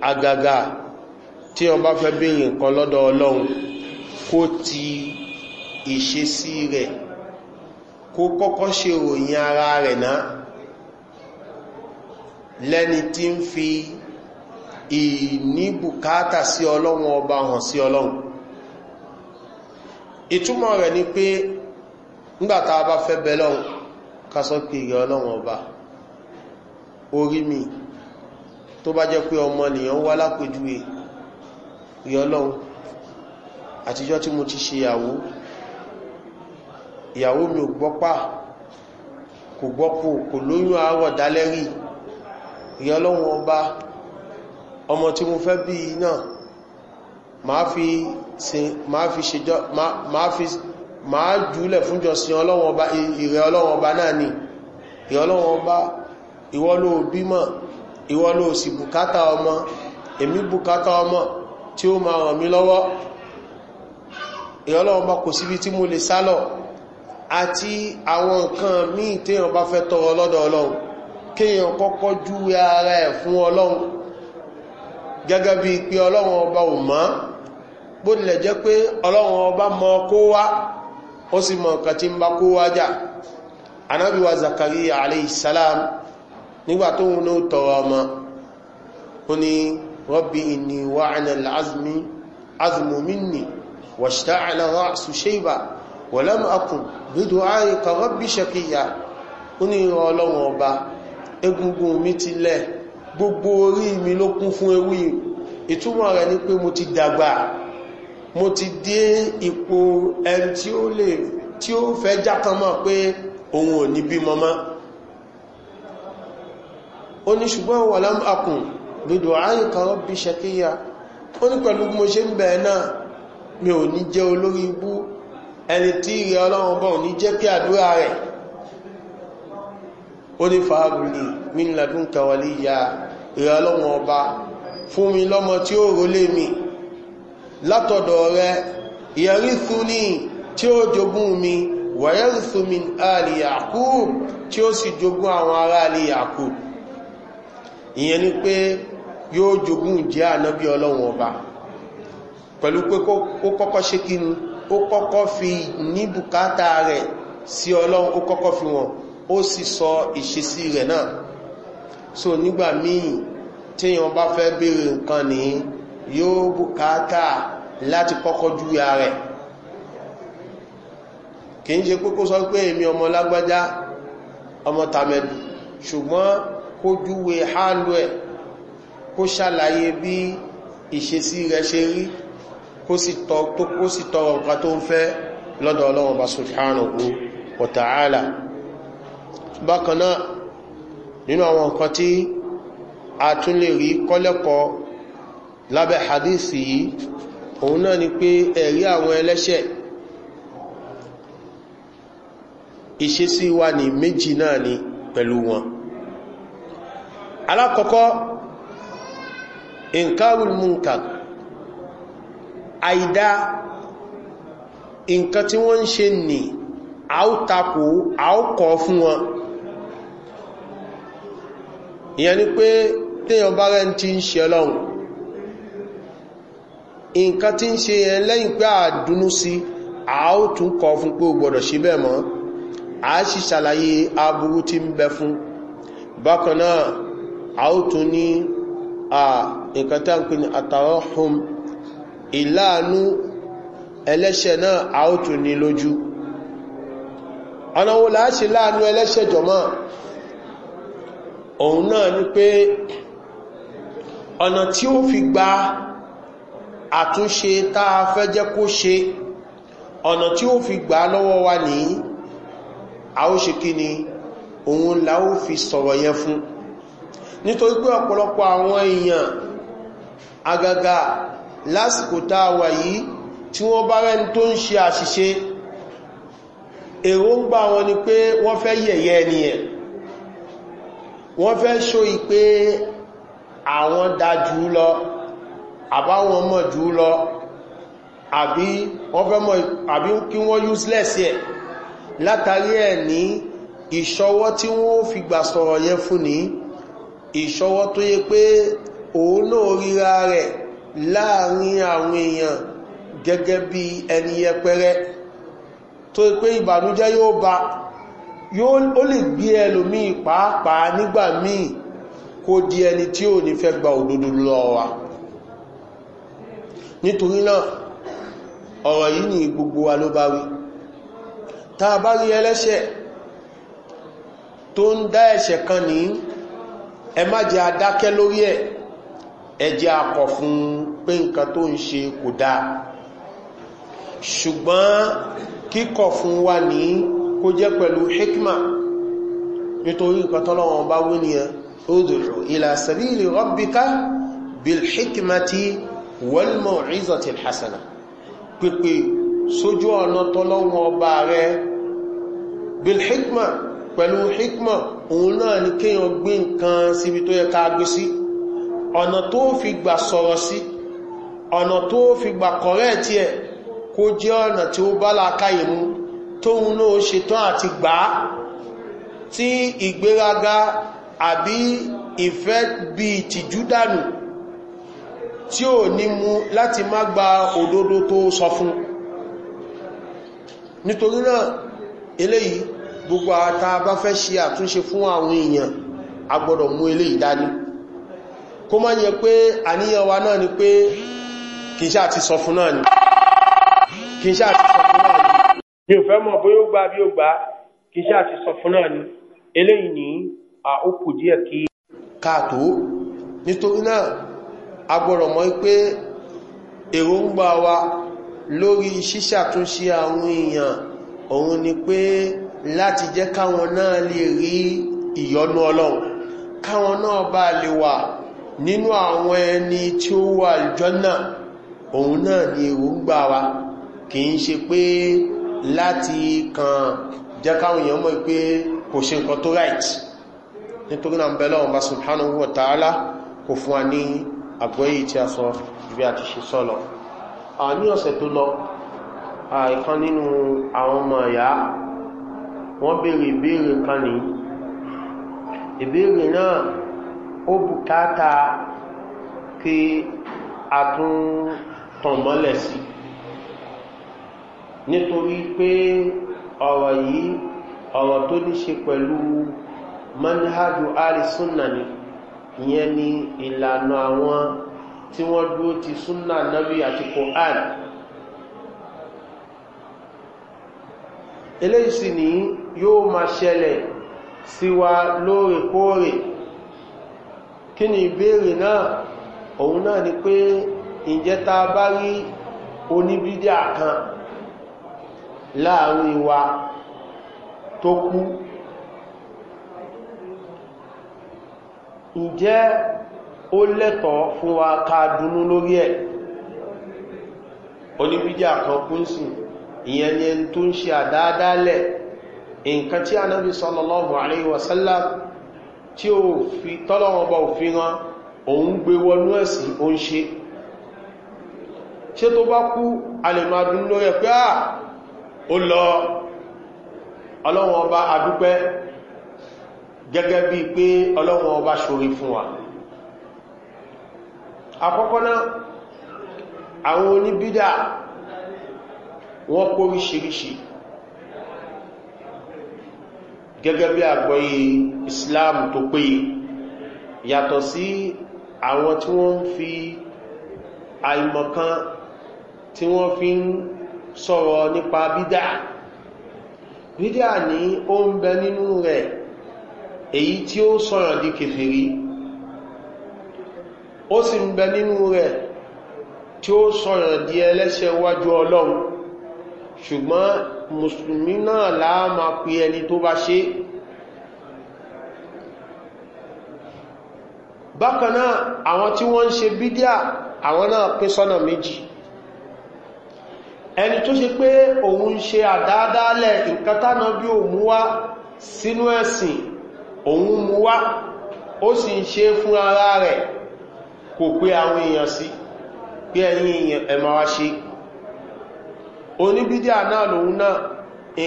agaga tí wọ́n bá fẹ́ bèèrè nǹkan lọ́dọ̀ ọlọ́run kó ti ìṣesí rẹ̀ kó kọ́kọ́ ṣe ròyìn ara rẹ̀ náà lẹ́ni tí ń fi ìní bùkátà sí ọlọ́run ọba hàn sí ọlọ́run ìtumọ̀ rẹ̀ ni pé ńgbàtà bá fẹ́ bẹ̀lọ́run kásọ́ pé ọlọ́run ọba orí mi tó bá jẹ́ pé ọmọ nìyàn wá lápèjúwe ìrẹ̀ ọlọ́run àtijọ́ tí mo ti ṣe ìyàwó ìyàwó mi ò gbọ́pà kò gbọ́pò kò lóyún àárọ̀ dálẹ́rì ìyá ọlọ́run ọba ọmọ tí mo fẹ́ bí náà máa fi ṣèjọ́ máa fi máa jùúlẹ̀ fúnjọ sí ọlọ́run ọba ìrẹ ọlọ́run ọba náà ni ìrẹ ọba ìwọ ló bímọ sì bùkátà ọmọ èmi bùkátà ọmọ tí ó máa ràn mí lọ́wọ́ ìrẹ ọba kò síbi tí mo lè sálọ̀ àti àwọn nǹkan míì téèyàn bá fẹ́ tọrọ lọ́dọ̀ ọlọ́run kéèyàn kọ́kọ́ júwe ara ẹ̀ fún ọlọ́run gẹ́gẹ́ bí pé ọlọ́run ọba ò mọ́ bó nílẹ̀ jẹ́ pé ọlọ́run ọba mọ kó wá ó sì mọ nǹkan tí ń bá kó wá jà anábíwá aleyhisalam nígbà tó ń tọrọ ọmọ wọ̀lẹ́mù akùn gbídò ààrẹ kọ̀rọ̀ bí ṣẹkìyà ó ní ìrọ̀ ọlọ́run ọba egungun mi ti lẹ̀ gbogbo orí mi ló kún fún ewì ìtumọ̀ rẹ̀ ni pé mo ti dàgbà mo ti dé ipò ẹni tí ó lè tí ó fẹ́ jákan pé òun ò bí mọ́mọ́ ó ní ṣùgbọ́n wọ̀lẹ́mù akùn gbídò ààrẹ kọ̀rọ̀ bí ṣẹkìyà ó ní pẹ̀lú mo ṣe ń bẹ̀ẹ́ náà mi ò ní jẹ́ olórí ibú ẹni tí ìrẹ ọlọ́run bọ̀ ní jẹ́ kí àdúrà rẹ̀ ó ní fàágùnlé mílẹ̀dún kẹwàlé ya ìrẹ ọlọ́run ọba fún mi lọ́mọ tí ó rólé mi látọ̀dọ̀ rẹ ìyẹrísú ní tí ó jogún mi wẹ̀yẹ́rìsú mi àlè yàkúb tí ó sì jogún àwọn ará àlè yàkúb ìyẹn ni pé yóò jogún jẹ́ ànábí ọlọ́run ọba pẹ̀lú pé kó kọ́kọ́ ṣe kí ó kọ́kọ́ fi ní bùkátà rẹ̀ sí ọlọ́run ó kọ́kọ́ fi wọn ó sì sọ ìṣesí rẹ̀ náà so nígbà míì téèyàn bá fẹ́ bèèrè nǹkan ní yóò bùkátà láti kọ́kọ́ júwà rẹ̀ kì í ṣe pé kó sọ pé èmi ọmọ lágbájá ọmọ tàmẹ̀dù ṣùgbọ́n kó júwe hálù ẹ̀ kó ṣàlàyé bí ìṣesí rẹ̀ ṣe rí kó sì tọrọ nǹkan tó ń fẹ́ lọ́dọ̀ ọlọ́run bá subhanahu wa ta'ala bákanáà nínú àwọn nǹkan tí a tún lè rí kọ́lẹ́kọ́ lábẹ́ hadisi yìí òun náà ni pé ẹ̀rí àwọn ẹlẹ́ṣẹ̀ ìṣesí wa ní méjì náà ni pẹ̀lú wọn alákọ̀ọ́kọ́ inkarul munkar àìdá nǹkan tí wọ́n ń ṣe nì a ó takò a ó kọ̀ fún wọn ìyẹn ni pé téèyàn bá rẹ̀ ti ń ṣe ọlọ́run nǹkan tí ń ṣe yẹn lẹ́yìn pé àdúnú sí a ó tún kọ̀ fún pé ó gbọ́dọ̀ ṣe bẹ́ẹ̀ mọ́ a sì ṣàlàyé aburú tí ń bẹ fún bákan a ó tún ní nǹkan tí a ń pè ní àtàwọn home ìláàánú ẹlẹ́ṣẹ̀ náà a ó tún ní lójú ọ̀nàwó láàṣì láàánú ẹlẹ́ṣẹ̀ jọmọ́ òun náà ni pé ọ̀nà tí ó fi gba àtúnṣe táa fẹ́ jẹ́ kó ṣe ọ̀nà tí ó fi gbà lọ́wọ́ wa ní a ó ṣe kí ni òun la ó fi sọ̀rọ̀ yẹn fún nítorí pé ọ̀pọ̀lọpọ̀ àwọn èèyàn agaga lásìkò táa wà yìí tí wọ́n bá rẹ́ni tó ń ṣe àṣìṣe èròǹgbà wọn ni pé wọ́n fẹ́ yẹ̀yẹ́ ẹniyẹ̀ wọ́n fẹ́ ṣóyí pé àwọn dá jù lọ àbáwọn mọ̀ jù lọ àbí kí wọ́n useless yẹ̀ látàrí ẹ̀ ní ìṣọwọ́ tí wọ́n fi gbà sọ̀rọ̀ yẹ fún ní ìṣọwọ́ tó yẹ pé òun náà ríra rẹ̀ láàrin àwọn èèyàn gẹ́gẹ́ bí ẹni yẹpẹrẹ tó pé ìbànújẹ́ yóò bá ó lè gbé ẹlòmíì pàápàá nígbà míì kó di ẹni tí ò ní fẹ́ gba òdodo lọ wa nítorí náà ọ̀rọ̀ yìí ni gbogbo wa ló bá wí ta bá rí ẹlẹ́ṣẹ̀ tó ń dá ẹ̀ṣẹ̀ kan ní ẹ má jẹ́ adákẹ́ lórí ẹ̀ ẹjẹ́ akọ̀ fún un pé nǹkan tó ń ṣe kò dáa ṣùgbọ́n kíkọ̀ fún wa ní kó jẹ́ pẹ̀lú hikma nítorí nǹkan tọ́lọ́wọ́n bá wí ní ọdúnrún ilá sàbílì rọ́bíká bil hikmati wọlmọ̀ ìzọtí hasana pípé sójú ọ̀nà tọ́lọ́wọ́n bá rẹ bil hikma pẹ̀lú hikma òun náà ni kíyàn gbé nǹkan síbi tó yẹ ká gbé sí ọ̀nà tó fi gbà sọ̀rọ̀ sí ọ̀nà tó fi gbà kọ̀rẹ́ tí ẹ̀ kó jẹ́ ọ̀nà tí ó bá láàkáyè mú tóun náà ṣetán àti gbà á tí ìgbéraga àbí ìfẹ́ bí ìtìjú dànù tí ò ní mú láti má gba òdodo tó sọ fún nítorí náà eléyìí gbogbo àta bá fẹ́ ṣe àtúnṣe fún àwọn èèyàn agbọ́dọ̀ mú eléyìí dání kó má yẹ pé àníyàn náà ni pé kí n ṣáà ti sọ fún náà ni kí n ṣáà ti sọ fún náà ni mi ò fẹ́ mọ̀ bóyá ó gbà bí ó gbà kí ṣáà ti sọ fún náà ni eléyìí ní àókù díẹ̀ kí káàtó nítorí náà a gbọ́dọ̀ pé èròǹgbà wa lórí ṣíṣàtúnṣe àwọn èèyàn òun ni pé láti jẹ́ káwọn náà lè rí ìyọnú ọlọ́run káwọn náà bá lè wà nínú àwọn ẹni tí ó wà jọ́nà òun náà ni èròǹgbà wa kì í ṣe pé láti kan jẹ́ káwọn èèyàn mọ́ pé kò ṣe nǹkan tó right nítorí náà bẹ̀lọ́ ọmọ subhanahu wa ta'ala kò fún wa ní àgbọ́yí tí a sọ ibi àti ṣe sọ́lọ ní ọ̀sẹ̀ tó lọ àìkan nínú àwọn ọmọ ìyá wọ́n bèèrè ìbéèrè kan ní ìbéèrè náà ó bùkátà kí a tún tàn mọ́lẹ̀ sí nítorí pé ọ̀rọ̀ yìí ọ̀rọ̀ tó ní ṣe pẹ̀lú manhajú alìsúnnà ni ìyẹn ni ìlànà àwọn tí wọ́n dúó ti sunna náàbí àti kòhán eléyìí ni yóò ma ṣẹlẹ̀ síwa lóòrèkóòrè kí ni ìbéèrè náà òun náà ni pé ìjẹ́ ta bá rí oníbídíà kan láàrin wa tó kú ìjẹ́ ó lẹ́tọ̀ọ́ fún wa ká dúnú lórí ẹ̀ oníbídíà kan kún sí ìyẹn ni ẹni tó ń ṣe àdáadáálẹ̀ nǹkan tí anábi sallallahu alaihi wasallam tí ó fi tọ́lọ́wọ́n bá òfin ran òun gbé wọnú ẹ̀sìn ó ń ṣe ṣe tó bá kú alẹ̀nà adùn lórí ẹ̀ pé à ah, ó lọ ọlọ́wọ́n ọba adúpẹ́ gẹ́gẹ́ bí pé ọlọ́wọ́n ọba ṣorí fún wa àkọ́kọ́ náà àwọn oníbídà wọ́n kó ríṣiríṣi gẹ́gẹ́ bí àgbọ́yí islam tó péye yàtọ̀ sí àwọn tí wọ́n fi àìmọ̀kan tí wọ́n fi ń sọ̀rọ̀ nípa bídá bídá ní ó ń bẹ nínú rẹ̀ èyí tí ó sọ̀rọ̀ di kèfèrí ó sì ń bẹ nínú rẹ̀ tí ó sọ̀rọ̀ di ẹlẹ́ṣẹ́ wájú ọlọ́run ṣùgbọ́n musulmi náà láà máa pè ẹni tó bá ṣe bákanáà àwọn tí wọ́n ń ṣe bídíà àwọn náà pín sọ́nà méjì ẹni tó ṣe pé òun ń ṣe àdáadáalẹ̀ nǹkan bí ò mú wá sínú ẹ̀sìn òun mú wá ara rẹ̀ kò pé àwọn èèyàn sí pé ẹ̀yìn èèyàn ẹ̀mà wá ṣe oníbídíà náà lòun náà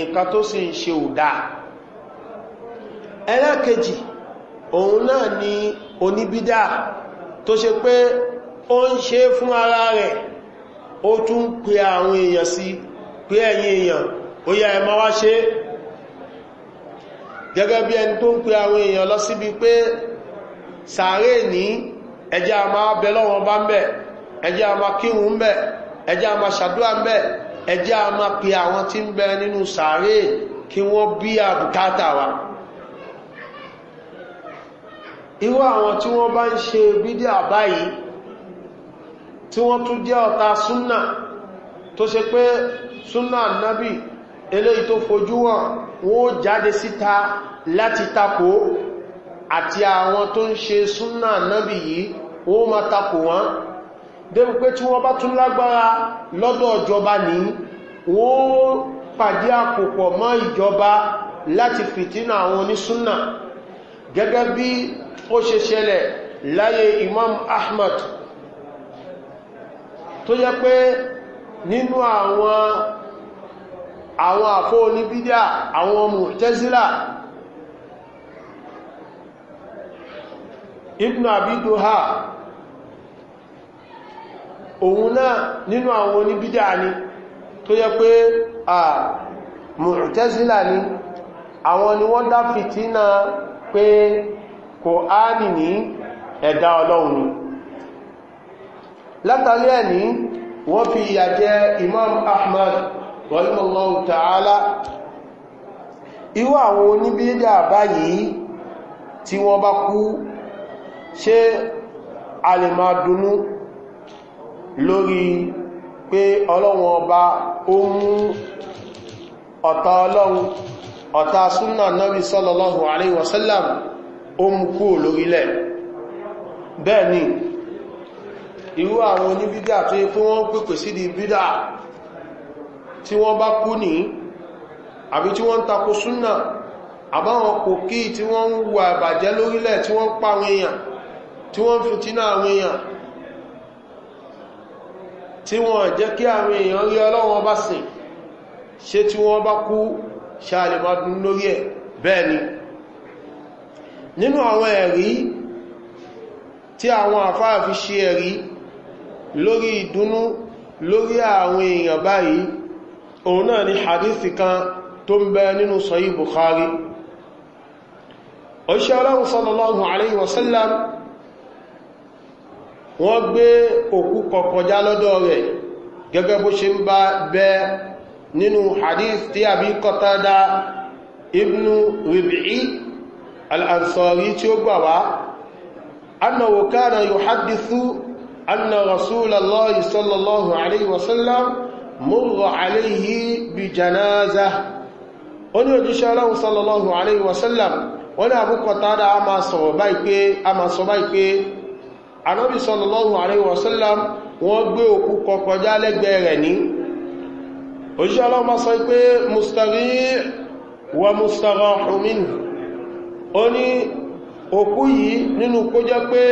nǹkan tó sì ń ṣe ẹlẹ́kejì ni onibida tó ṣe pé ó ń ṣe fún ara rẹ̀ ó tún pé àwọn èèyàn sí pé ẹ̀yìn èèyàn ó yá ẹmọ́ wá ṣe gẹ́gẹ́ bí ẹni tó ń pé àwọn èèyàn lọ síbi pé sàárè ní ẹjẹ́ a máa bẹ lọ́wọ́n bá ń bẹ̀ ẹjẹ́ a máa kírun ń bẹ̀ ẹjẹ́ a máa ṣàdúrà ń bẹ̀ ẹjẹ́ a máa pè àwọn tí ń bẹ nínú sàárè kí wọ́n bí àbùkátà wa irú àwọn tí wọ́n bá ń ṣe bídí àbáyìí tí wọ́n tún jẹ́ ọ̀ta súnnà tó ṣe pé súnnà nábì eléyìí tó fojú wọn wọ́n jáde síta láti takò àti àwọn tó ń ṣe súnnà nábì yìí wọ́n ma takò wọn débi pé tí wọ́n bá tún lágbára lọ́dọ̀ ìjọba ní wọ́n pàdé àpòpọ̀ mọ́ ìjọba láti fìtínà àwọn onísúnnà gẹ́gẹ́ bí ó ṣe ṣẹlẹ̀ láyé imam ahmad tó yẹ pé nínú àwọn àwọn àfó oníbídíà àwọn ọmọ ibn abiduha òun náà nínú àwọn oníbídíà ni tó yẹ pé à ni àwọn ni wọ́n dá fìtínà pé kò áàlì ní ẹ̀dá ọlọ́run látàrí ẹ̀ní wọ́n fi ìyà jẹ imam ahmad rahimallahu ta'ala irú àwọn oníbídà báyìí tí wọ́n bá kú ṣe a lè máa dunú lórí pé ọlọ́wọ́n ọba ó mú ọ̀ta ọlọ́run ọ̀ta súnà náàbí sọ́lọ́lọ́hùn àríwọ̀sẹ́lẹ̀m ó mú kú lórílẹ̀ bẹ́ẹ̀ ni irú àwọn oníbídà tó yí pé wọ́n pèpè sí di bídà tí wọ́n bá kú ní àbí tí wọ́n takò súnà àbáwọn kò kí tí wọ́n ń wà ìbàjẹ́ lórílẹ̀ tí wọ́n pa àwọn èèyàn tí wọ́n fi tínà àwọn èèyàn tí wọ́n jẹ́ kí àwọn èèyàn rí ọlọ́wọ́n bá sìn ṣe tí wọ́n bá kú ṣàlèmọ́dún lórí ẹ̀ bẹ́ẹ̀ ni nínú àwọn ẹ̀rí tí àwọn àfáà fi ṣe ẹ̀rí lórí ìdúnú lórí àwọn èèyàn báyìí òun náà ni hadisi kan tó ń bẹ nínú sọ́yí bukhari ọ̀ṣẹ́ ọlọ́run sallallahu alaihi wasallam wọ́n gbé òkú kọkọjá lọ́dọ̀ rẹ̀ gẹ́gẹ́ bó ṣe ń bá bẹ nínú hadith tí àbí kọtada ibnu rib'i al-ansari tí ó gbà wá annahu kana yuhaddithu أن رسول الله صلى الله عليه وسلم مر عليه بجنازة أن يجيش الله صلى الله عليه وسلم wọ́n ní àbúkọ̀tá dá a máa sọ̀rọ̀ báyìí pé a máa sọ báyìí pé anábì sọlọ́lọ́hùn àríwọ̀sọ́lám wọ́n gbé òkú kọkọjá lẹ́gbẹ̀ẹ́ rẹ̀ ní òṣìṣẹ́ ọlọ́mà sọ pé mustari wa mustara humin ó ní òkú yìí nínú kó jẹ́ pé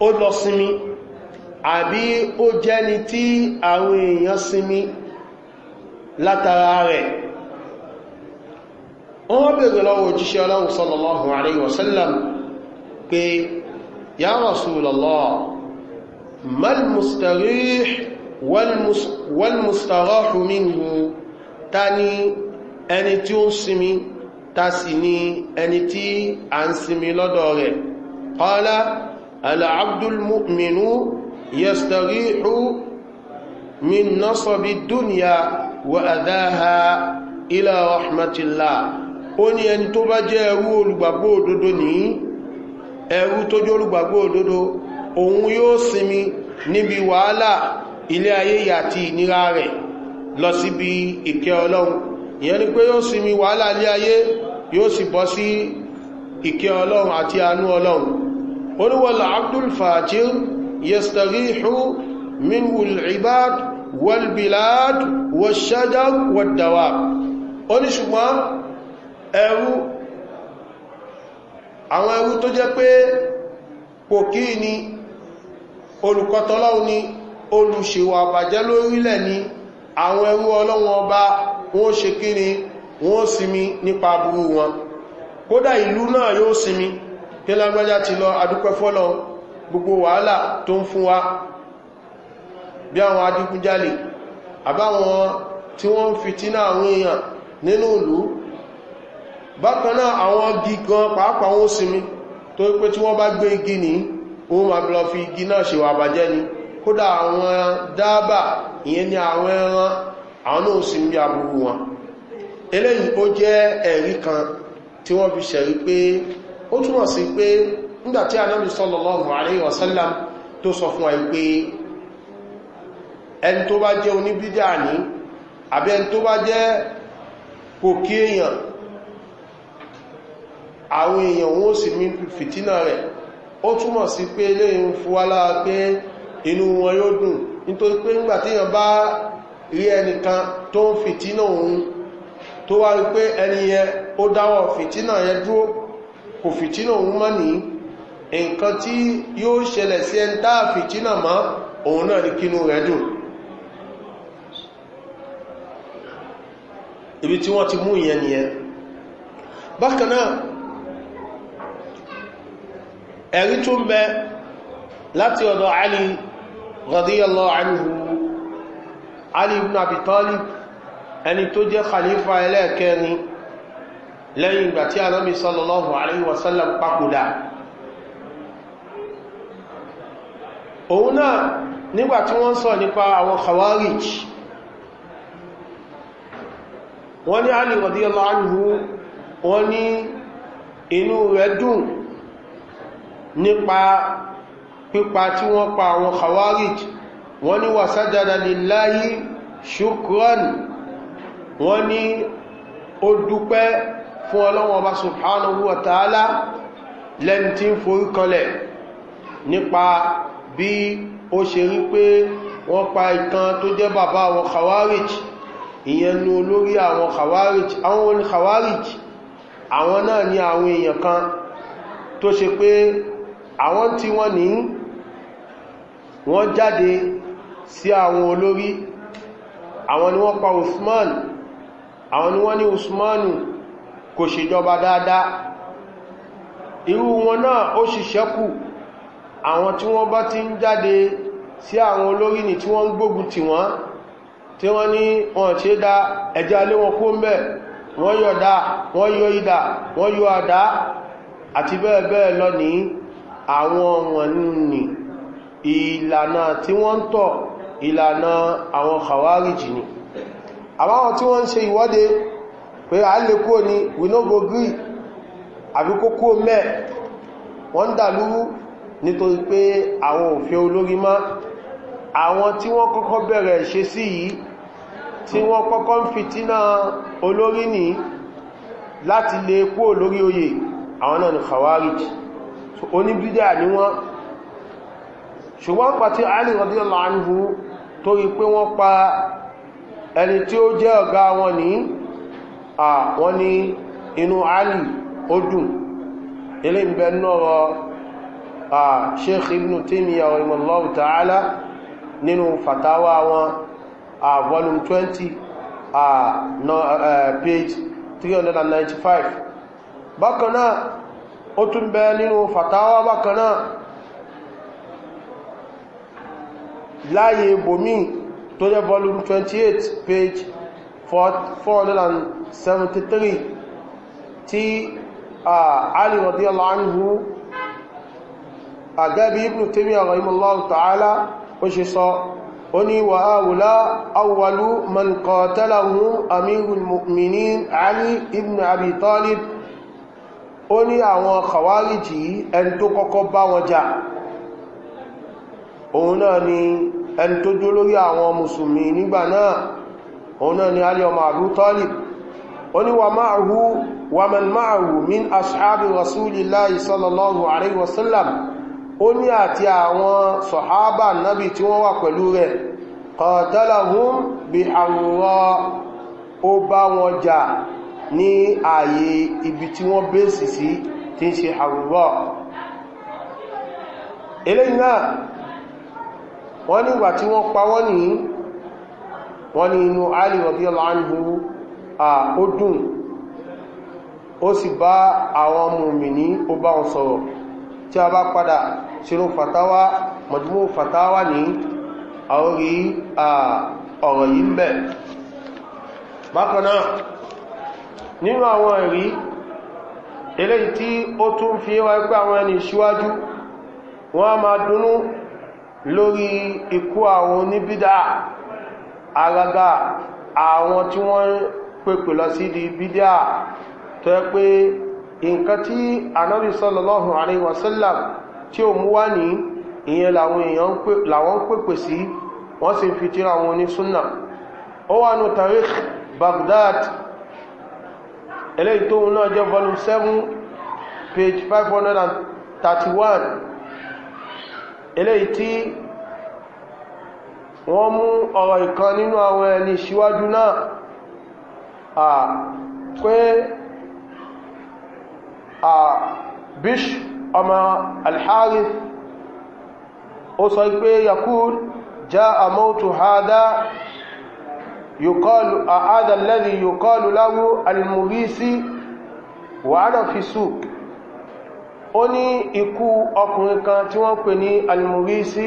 ó lọ sinmi àbí ó jẹ́ni tí àwọn èèyàn sinmi látara rẹ̀ wọ́n bèèrè lọ́wọ́ òjíṣẹ́ ọlọ́run sallallahu alayhi wasallam pé ya rasulallah mal mustarih wal mustarahu minhu ta ni ẹni tí ó ń sinmi ta sì ni ẹni tí a ń sinmi lọ́dọ̀ rẹ̀ qala al'abdul mu'minu yastarihu min nasabi duniya wa adáha ila rahmatillah ó ní ẹni tó bá jẹ́ ẹrú olùgbàgbó òdodo ní ẹrú tó jẹ́ olùgbàgbó òdodo òun yóò sinmi níbi wàhálà ilé ayé àti ìnira rẹ̀ lọ síbi ìkẹ́ ọlọ́run ìyẹn ni pé yóò sinmi wàhálà ilé ayé yóò sì bọ́ sí ìkẹ́ ọlọ́run àti àánú ọlọ́run oníwàlá abdul fajir yastarihu min wul'ibad walbilad washajar wadawa oníṣùgbọ́n ẹrú àwọn ẹrú tó jẹ́ pé pòkí ni olùkọtọlọ́wọ́ ni olùṣèwà àbàjẹ́ lórílẹ̀ ni àwọn ẹrú ọlọ́wọ́n ọba wọ́n ṣe kí ni wọ́n sinmi nípa burú wọn kódà ìlú náà yóò sinmi pé lágbájá ti lọ adúpẹ́ fọ́lọ gbogbo wàhálà tó ń fún wa bí àwọn adigunjalè àbáwọn tí wọ́n ń fìtínà àwọn èèyàn nínú ìlú bákanáà àwọn igi gan pàápàá wọn tó pé tí wọ́n bá gbé igi ní ohun igi náà wà bàjẹ́ ni kódà àwọn ni àwọn ẹran àwọn náà àbúrú wọn kan tí wọ́n fi ṣẹ̀rí ó túnmọ̀ sí pé nígbàtí anábi sallallahu alayhi a sallam tó sọ fún àì pé ẹni tó bá jẹ́ oníbídà ní àbí ẹni tó bá jẹ́ pòkí èèyàn àwọn èèyàn wọ́n sì mí fìtínà rẹ̀ ó túnmọ̀ sí pé ilé ìrìn fúwálá tó wá rí pé ẹni ó dáwọ̀ kò fìtínà òun mọ́ ní nǹkan tí yóò ṣẹlẹ̀ sí ẹn táà fìtínà mọ́ òun náà ní kínú rẹ̀ dùn ibi tí wọ́n ti mú ìyẹn nìyẹn bákanáà ẹ̀rí tó ń bẹ láti ọ̀dọ̀ alì radiyallahu anhu alì ibn abi ẹni tó jẹ́ khalifa ẹlẹ́ẹ̀kẹ́rin lẹ́yìn ìgbà tí anábi sallallahu alayhi wasallam pakùdà òun náà nígbà tí wọ́n sọ nípa àwọn khawarij wọ́n ní alì radiyallahu anhu wọ́n ní inú rẹ̀ dùn nípa pípa tí wọ́n pa àwọn khawarij wọ́n ní wà sájádà fún ọlọ́wọ́n ọba subhanahu wa ta'ala lẹ́ni tí ń forí kanlẹ̀ nípa bí ó ṣe rí pé wọ́n pa ìkan tó jẹ́ bàbá àwọn khawarij ìyẹn ni olórí àwọn khawarij àwọn olè khawarij àwọn náà ni àwọn èèyàn kan tó ṣe pé àwọn tí wọ́n ní wọ́n jáde sí àwọn olórí àwọn ni wọ́n pa usman àwọn ni wọ́n ní usmanu kò ṣèjọba dáadáa irú wọn náà ó ṣiṣẹ́ kù àwọn tí wọ́n bá ti ń jáde sí àwọn olórí ní tí wọ́n ń gbógun ti wọ́n tí wọ́n ní wọ́n ṣe dá ẹjá lé wọn kó mẹ́ wọ́n yọ dá wọ́n yọ ìdá wọ́n yọ àdá àti bẹ́ẹ̀ bẹ́ẹ̀ lọ ní àwọn wọn ní ìlànà tí wọ́n ń tọ̀ ìlànà àwọn kàwárìjì ni àbáwọn tí wọ́n ń ṣe ìwọ́de pé a lè kó ní we no go gree àbí kó kó mẹ́ wọ́n dàlúrú nítorí pé àwọn òfin olórí má àwọn tí wọ́n kọ́kọ́ bẹ̀rẹ̀ ṣe sí yìí tí wọ́n kọ́kọ́ ń fìtínà olórí ní láti lè kó olórí oyè àwọn náà ni khawarij oníbídà ni wọ́n ṣùgbọ́n pàtí alì radiyallahu anhu torí pé wọ́n pa ẹni tí ó jẹ́ ọ̀gá wọn ní wọ́n ní inú alì ó dùn ilé ìbẹ̀ nọ́rọ̀ sheikh ibn taymiya rahimallahu ta'ala nínú fatawa wọn volume 20 no, page 395 bákanáà ó tún bẹ nínú fatawa bákanáà láyé bomi tó jẹ́ volume 28 page 473 tí Ali radiyallahu anhu àgẹ́bí ibn Taymiyyah rahimahullahu ta'ala ó ṣe sọ ó ní wà áwùlá awwalu man qatalahu amirul mu'minin Ali ibn Abi Talib ó ní àwọn kàwàríjì ẹni tó kọ́kọ́ bá wọn jà òun náà ni ẹni tó jó lórí àwọn mùsùlùmí nígbà náà òun náà ni alì ọmọ àbú tọ́lì ó ní wà máàrù wà mẹ́n máàrù min aṣáàbì rasulillahi sallallahu alaihi wasallam ó ní àti àwọn sọ̀hábà nábi tí wọ́n wà pẹ̀lú rẹ̀ kọ̀tẹ́lẹ̀hún bí àwòrán ó wọ́n bèèsì sí tí wọ́n pa wọ́n nìyí wọ́n ni inú alì ó dùn ó sì bá àwọn ní ó bá wọn sọ̀rọ̀ tí a bá padà fatawa fatawa ní àórí ọ̀rọ̀ yìí bẹ̀ bákanáà nínú àwọn ẹ̀rí eléyìí tí ó tún fi wá àwọn ẹni wọ́n a máa dúnú lórí agaga àwọn tí wọ́n pèpè lọ sí di bídíà tó ẹ pé nǹkan tí anábi sallallahu alaihi wasallam tí ó mú wá ní ìyẹn làwọn pèpè sí wọ́n sì fi tíra wọn ní súnnà ó wà tarikh baghdad eléyìí tó náà jẹ́ vol 7 page 531 eléyìí tí wọ́n mú ọ̀rọ̀ ìkan nínú àwọn ẹni síwájú náà à pé à bish ọmọ alharif ó sọ pé yakul já àmótù hádá yùkọlù àádà lẹ́rí yùkọlù láwú alìmúrísí wà fi sùk ó ní ikú ọkùnrin kan tí wọ́n pè ní alìmúrísí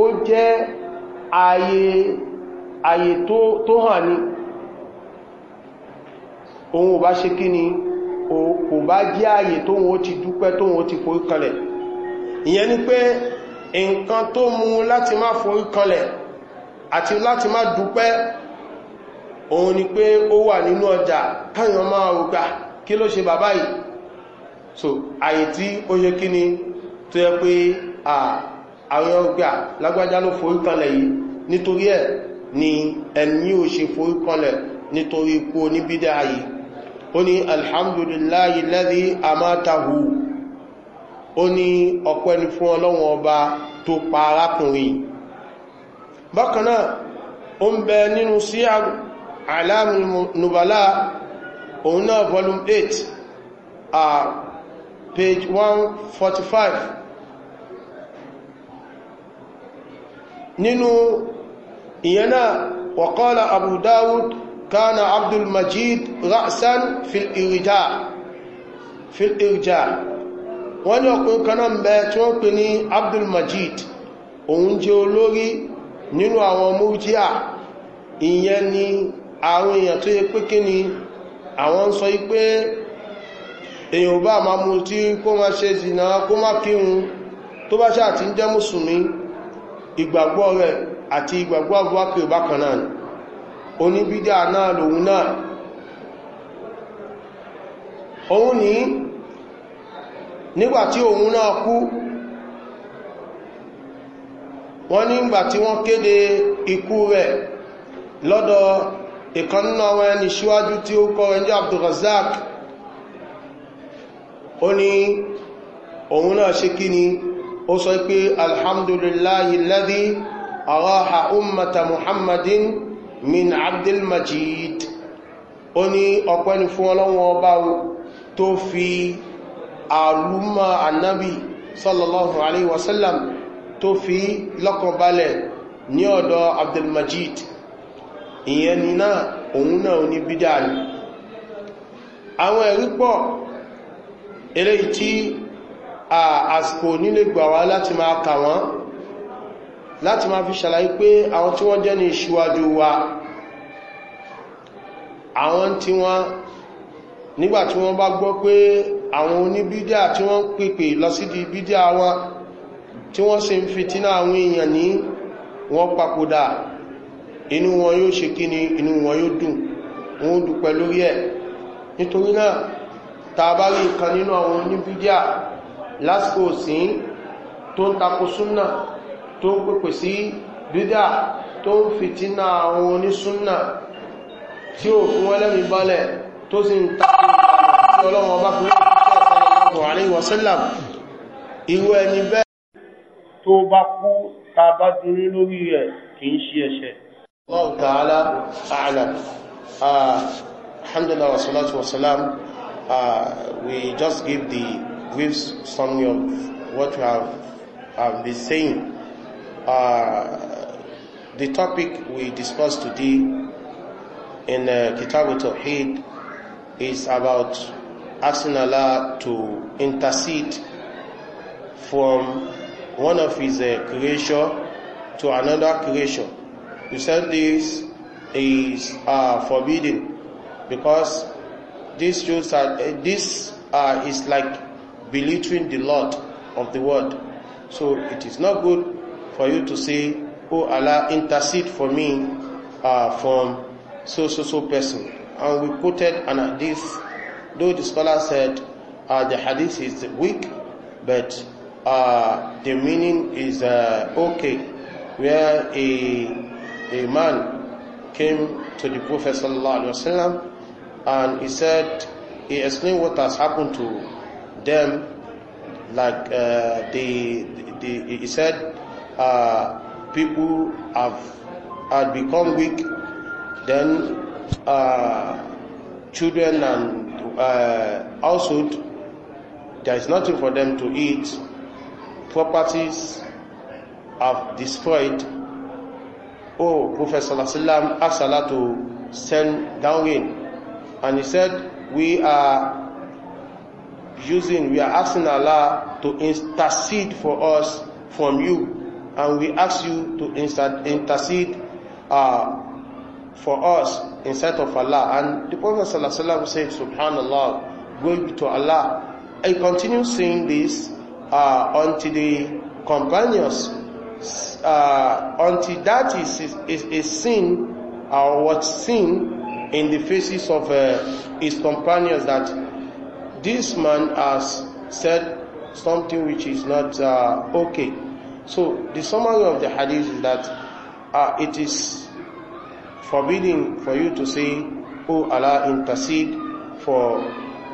ó jẹ́ ààyè ààyè tó hàn ní òun ò bá ṣe kí ni kò bá jẹ́ ààyè tó wọ́n ti dúpẹ́ tó wọ́n ti forí kanlẹ̀ ìyẹn ni pé nǹkan tó mú láti má forí kanlẹ̀ àti láti má dúpẹ́ òun ni pé ó wà nínú ọjà káyàn máa rògbà kí ló ṣe bàbá yìí so àyè tí ó yẹ kí ni tó yẹ pé àà àwọn ọgbà lágbájá ló forúkanlẹ̀ yìí nítorí ẹ̀ ni ẹni ò ṣe forúkanlẹ̀ nítorí ikú oníbídá yìí ó ní alhamdulillahi lẹ́rí amátahu ó ní ọ̀pẹ́ ni fún ọlọ́wọ̀n ọba tó pa arákùnrin bákanáà ó ń bẹ nínú sí aláàmùnubálá òun náà volume 8 uh, page 145 nínú ìyẹn náà wàkọ́lá abu dawud kana abdulmajid ra'san fil irja wọ́n ní ọkùnrin kaná mẹ́ tí wọ́n pè ní abdulmajid òun jẹ́ olórí nínú àwọn mújíà ìyẹn ni àwọn èèyàn tó yẹ pé kí ni àwọn sọ pé èèyàn bá ma mú tí kó ma ṣe ìsìnà kó má kírun tó bá ṣáà ń jẹ́ mùsùlùmí ìgbàgbọ́ rẹ̀ àti ìgbàgbọ́ àbúwákìrì bákanáà oníbídà náà lòun náà òun ní nígbàtí òun náà kú wọ́n nígbàtí wọ́n kéde ikú rẹ̀ lọ́dọ̀ ìkanúnà wọn ẹni síwájú tí ó kọ́ ẹjọ́ abdulrazak ó ní òun náà ṣe kí ni ó sọ pé alhamdulillahi lẹ́dí àwọ́ha ummata muhammadin min abdulmajid ó ní ọ̀pẹ́ni fún ọlọ́wọ́ ọba tó fi àlúmà annabi sallallahu alaihi wasallam tó fi lọ́kọ̀balẹ̀ ní ọ̀dọ̀ abdulmajid ìyẹn ni náà òun náà ní bídá ni àwọn ẹ̀rí pọ̀ eléyìí tí àsìkò nílé gbà wá láti máa kà wọ́n láti máa fi ṣàlàyé pé àwọn tí wọ́n jẹ́ ní ìṣíwájú wa àwọn tí wọ́n nígbàtí wọ́n bá gbọ́ pé àwọn oníbídíà tí wọ́n pèpè lọ sí di bídíà wọn tí wọ́n sì ń fi tínà àwọn èèyàn ní wọ́n papòdà inú wọn yóò ṣe kí ni inú wọn yóò dùn wọ́n dùn pẹ̀lú ẹ̀ nítorí náà tàbárí ìkan nínú àwọn oníbídíà lásìkò sí tó ń takò súnà tó ń pèpè sí bídà tó ń fìtínà àwọn onísúnà tí ó fún ẹlẹ́mì balẹ̀ tó sì ń takò tí ọlọ́wọ́ bá fi wọ́n ah, Alhamdulillah wa salatu wa salam. Uh, we just give the gives some of what we have, been saying. Uh, the topic we discussed today in uh, Kitab al-Tawheed is about asking Allah to intercede from one of his uh, creation to another creation. We said this is uh, forbidden because this shows that uh, this uh, is like belittling the Lord of the world. So it is not good for you to say, Oh Allah, intercede for me uh, from so so so person. And we quoted an hadith, though the scholar said uh, the hadith is weak, but uh, the meaning is uh, okay, where a, a man came to the Prophet sallallahu alaihi wasallam, and he said, he explained what has happened to them like uh, the they, he said uh, people have had become weak then uh, children and uh, household there is nothing for them to eat properties have destroyed oh prophet sallallahu asked allah to send down rain and he said we are using, we are asking Allah to intercede for us from you. And we ask you to intercede uh, for us instead of Allah. And the Prophet ﷺ said, Subhanallah, glory to Allah. I continue saying this uh, until the companions, uh, until that is, is, is, is sin, or uh, what sin in the faces of uh, his companions that this man has said something which is not uh, okay. So the summary of the hadith is that uh, it is forbidding for you to say, Oh Allah, intercede for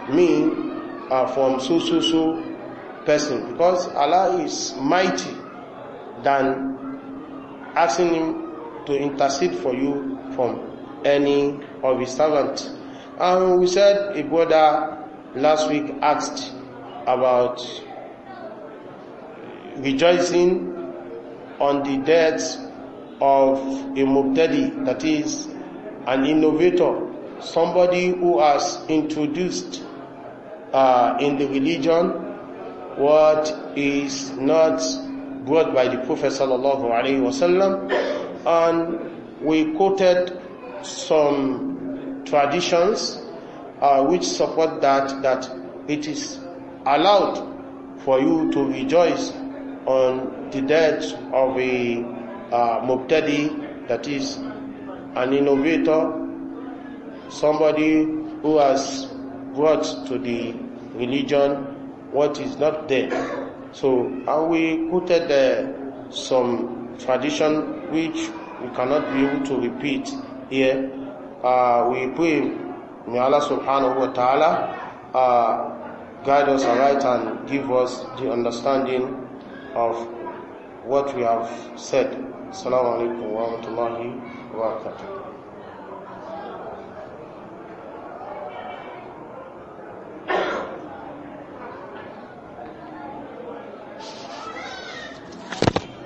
me uh, from so so so person because Allah is mighty than asking him to intercede for you from any of his servants. And we said a brother last week asked about rejoicing on the death of a mubtadi, that is, an innovator, somebody who has introduced uh, in the religion what is not brought by the Prophet sallallahu wasallam, and we quoted some traditions uh, which support that that it is allowed for you to rejoice on the death of a uh, mubtadi that is an innovator somebody who has brought to the religion what is not there so and we quoted uh, some tradition which we cannot be able to repeat here uh, we pray May Allah subhanahu wa ta'ala uh, guide us aright and give us the understanding of what we have said. Assalamu alaikum wa rahmatullahi wa barakatuh.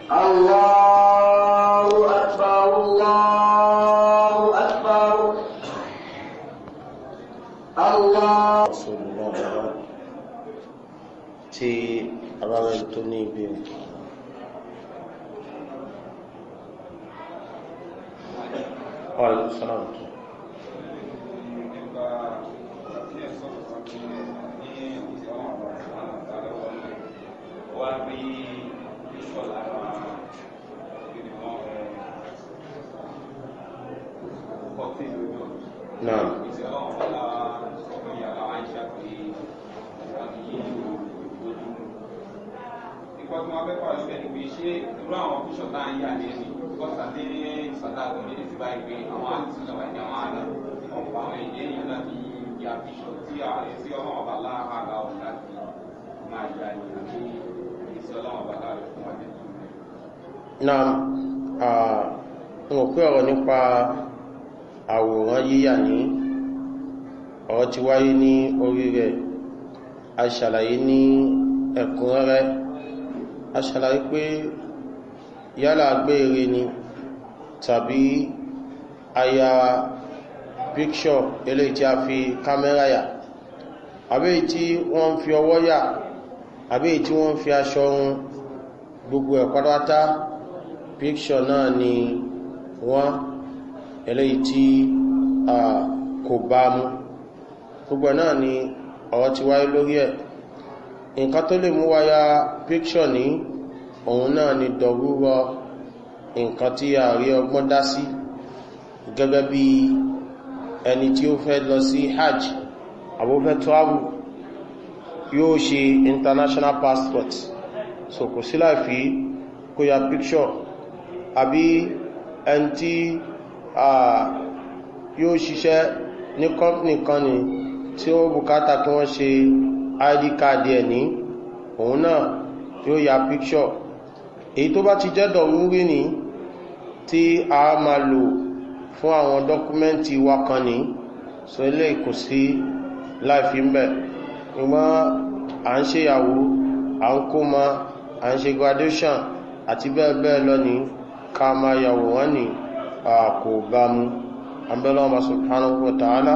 Allah Allah. tí abáwọn tó ní ìbéèrè. ọ̀rẹ́ sọ́nà ṣé irú àwọn kúṣọ̀ tá à ń yà ní ẹni kọ́ sàdé sàdá àtọ̀lé ti bá ìgbé àwọn àti ìjọba ìjà wọn àná ọ̀pọ̀ àwọn èdè yìí láti yà kúṣọ̀ tí àwọn èsì ọlọ́run ọba láàbà àgbà ọ̀hún láti máa yà ní àti èsì ọlọ́run ọba láàbà fún wa jẹ́. na n ò pé ọ̀rọ̀ nípa àwòrán yíyà ní ọ̀rọ̀ ti wáyé ní orí rẹ̀ a ṣàlàyé ní ẹ̀kúnrẹ́rẹ́ a ṣàlàyé pé yálà agbéèrè ni tàbí aya píkṣọ̀ ilé tí a fi kámẹ́rà yà àbí tí wọ́n fi ọwọ́ yà àbí tí wọ́n fi aṣọ ohun gbogbo ẹ̀pátátá píkṣọ̀ náà ni wọ́n ilé tí a kò bá mú gbogbo náà ni ọ̀rọ̀ ti wáyé lórí ẹ̀ nǹkan tó lè mú wáyá píkṣọ̀ ní òun náà ni dọ̀rúrọ nǹkan tí a rí ọgbọ́n dá sí gẹ́gẹ́ bí ẹni tí ó fẹ́ lọ sí hajj àbúfẹ́ travel yóò ṣe international passport so kò sí láìfí kó ya píkṣọ̀ àbí ẹni tí yóò ṣiṣẹ́ ní kọ́pìnì kan ni tí ó bùkátà kí wọ́n ṣe id card ẹ̀ ní òun náà tí ó ya picture èyí tó bá ti jẹ́ dọ̀wúrí ní tí a máa lò fún àwọn dọ́kúmẹ́ntì wa kan ní so ilé kò sí láìfí mẹ́ ìmọ́ à ń ṣèyàwó à ń kó ma à ń ṣe graduation àti bẹ́ẹ̀ lọ ní ká máa yàwó wọ́n ní àkóbámu àbẹ́lọ́wọ́ subhanahu wa ta'ala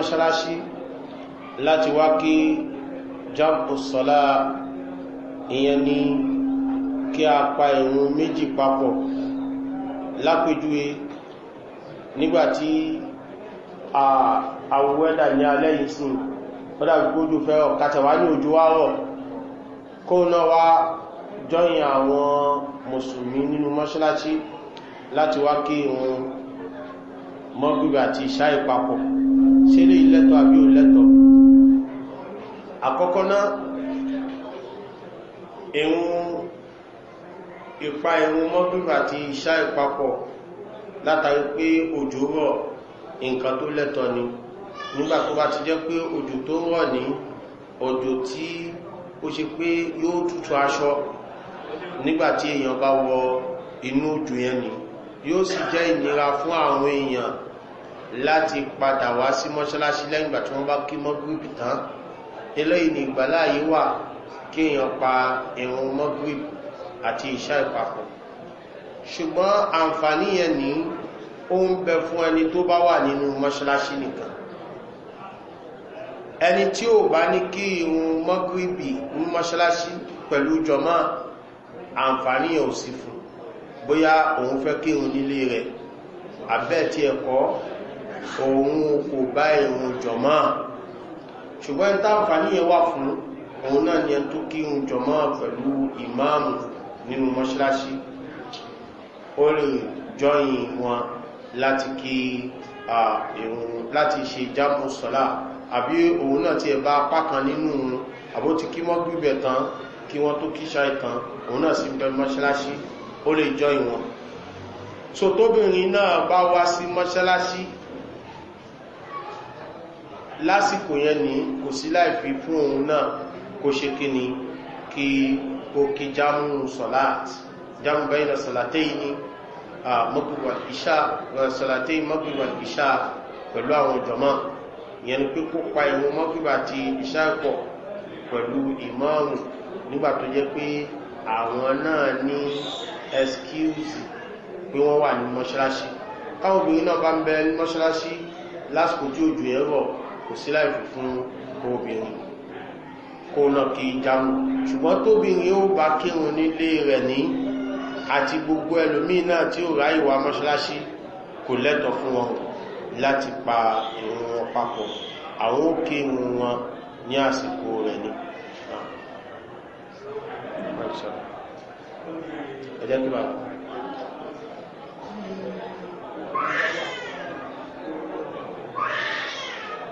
mọ́ṣáláṣí láti wá kí jambo sọ́lá ìyẹn ni kí a pa ìrún méjì papọ̀ lápéjúwe nígbàtí àwọ̀wẹ́dà ní alẹ́ yìí sí ọdá gbogbo fẹ́ ọ̀kátẹ̀wá ní ojú wá rọ̀ kó náà wá jọyìn àwọn mùsùlùmí nínú mọ́ṣáláṣí láti wá kí ìrún mọ́gbígbà àti ìṣá ìpapọ̀ ṣe lè lẹ́tọ̀ àbí ò lẹ́tọ̀ àkọ́kọ́ náà ìrún ìpa ìrún mọ́bíbà àti iṣá ìpapọ̀ látàrí pé òjò rọ̀ nǹkan tó lẹ́tọ̀ ni nígbà tó bá ti jẹ́ pé òjò tó rọ̀ ní òjò tí ó ṣe pé yóò tútù aṣọ nígbàtí èèyàn bá wọ inú òjò yẹn ni yóò sì jẹ́ ìnira fún àwọn èèyàn láti padà wá sí mọ́ṣálásí lẹ́yìn ìgbà tí wọ́n bá kí mọ́gírìbì tán eléyìí ni ìgbàláyé wà kí èèyàn pa ẹ̀rùn mọ́gírìbì àti ìṣá ìpapọ̀ ṣùgbọ́n àǹfààní yẹn ní ó ń bẹ fún ẹni tó bá wà nínú mọ́ṣálásí nìkan ẹni tí ò bá ní kí ìrùn mọ́gírìbì ní mọ́ṣálásí pẹ̀lú jọmọ́ àǹfààní yẹn ò sí fún bóyá òun fẹ́ kí ìrùn nílé rẹ̀ àbẹ́ẹ̀ ẹ̀kọ́ òun kò bá ìrùn jọmọ́ ṣùgbọ́n táǹfàní yẹn wà fún òun náà ni ẹ tó kí ìrùn jọmọ́ pẹ̀lú ìmáàmù nínú mọ́ṣíláṣí ó lè jọyìn wọn láti kí ìrùn láti ṣe jámù sọ́lá àbí òun náà ti ẹ̀bá apá kan nínú òun àbó ti kí mọ́ gbígbẹ̀ so tóbìnrin náà bá wá sí mọ́ṣáláṣí lásìkò yẹn ni kò sí láì fi fún òun náà kò ṣe kí ni kí o kí jámù sọ̀láàt jámù bẹ́yìnà sọ̀látẹ́yìn ni mọ́gbìwà ìṣà sọ̀látẹ́yìn mọ́gbìwà ìṣà pẹ̀lú àwọn ìjọmọ́ ìyẹn ni pé kó pa ìwọ̀n mọ́gbìwà ti ìṣà pọ̀ pẹ̀lú ìmọ́ọ̀rùn nígbà tó jẹ́ pé àwọn náà ní ẹskíùsì pé wọ́n wà ní mọ́ṣáláṣí káwọn obìnrin náà bá ń bẹ ní mọ́ṣáláṣí lásìkò tí òjò yẹn rọ̀ kò sí láìfì fún obìnrin kó lọ kí ìjánu ṣùgbọ́n tóbìnrin ó bá kírun nílé rẹ̀ ní àti gbogbo ẹlòmíì náà tí ó ráyè wá mọ́ṣáláṣí kò lẹ́tọ̀ fún wọn láti pa ìrun wọn papọ̀ àwọn ó kírun wọn ní àsìkò rẹ̀ ní Thank you.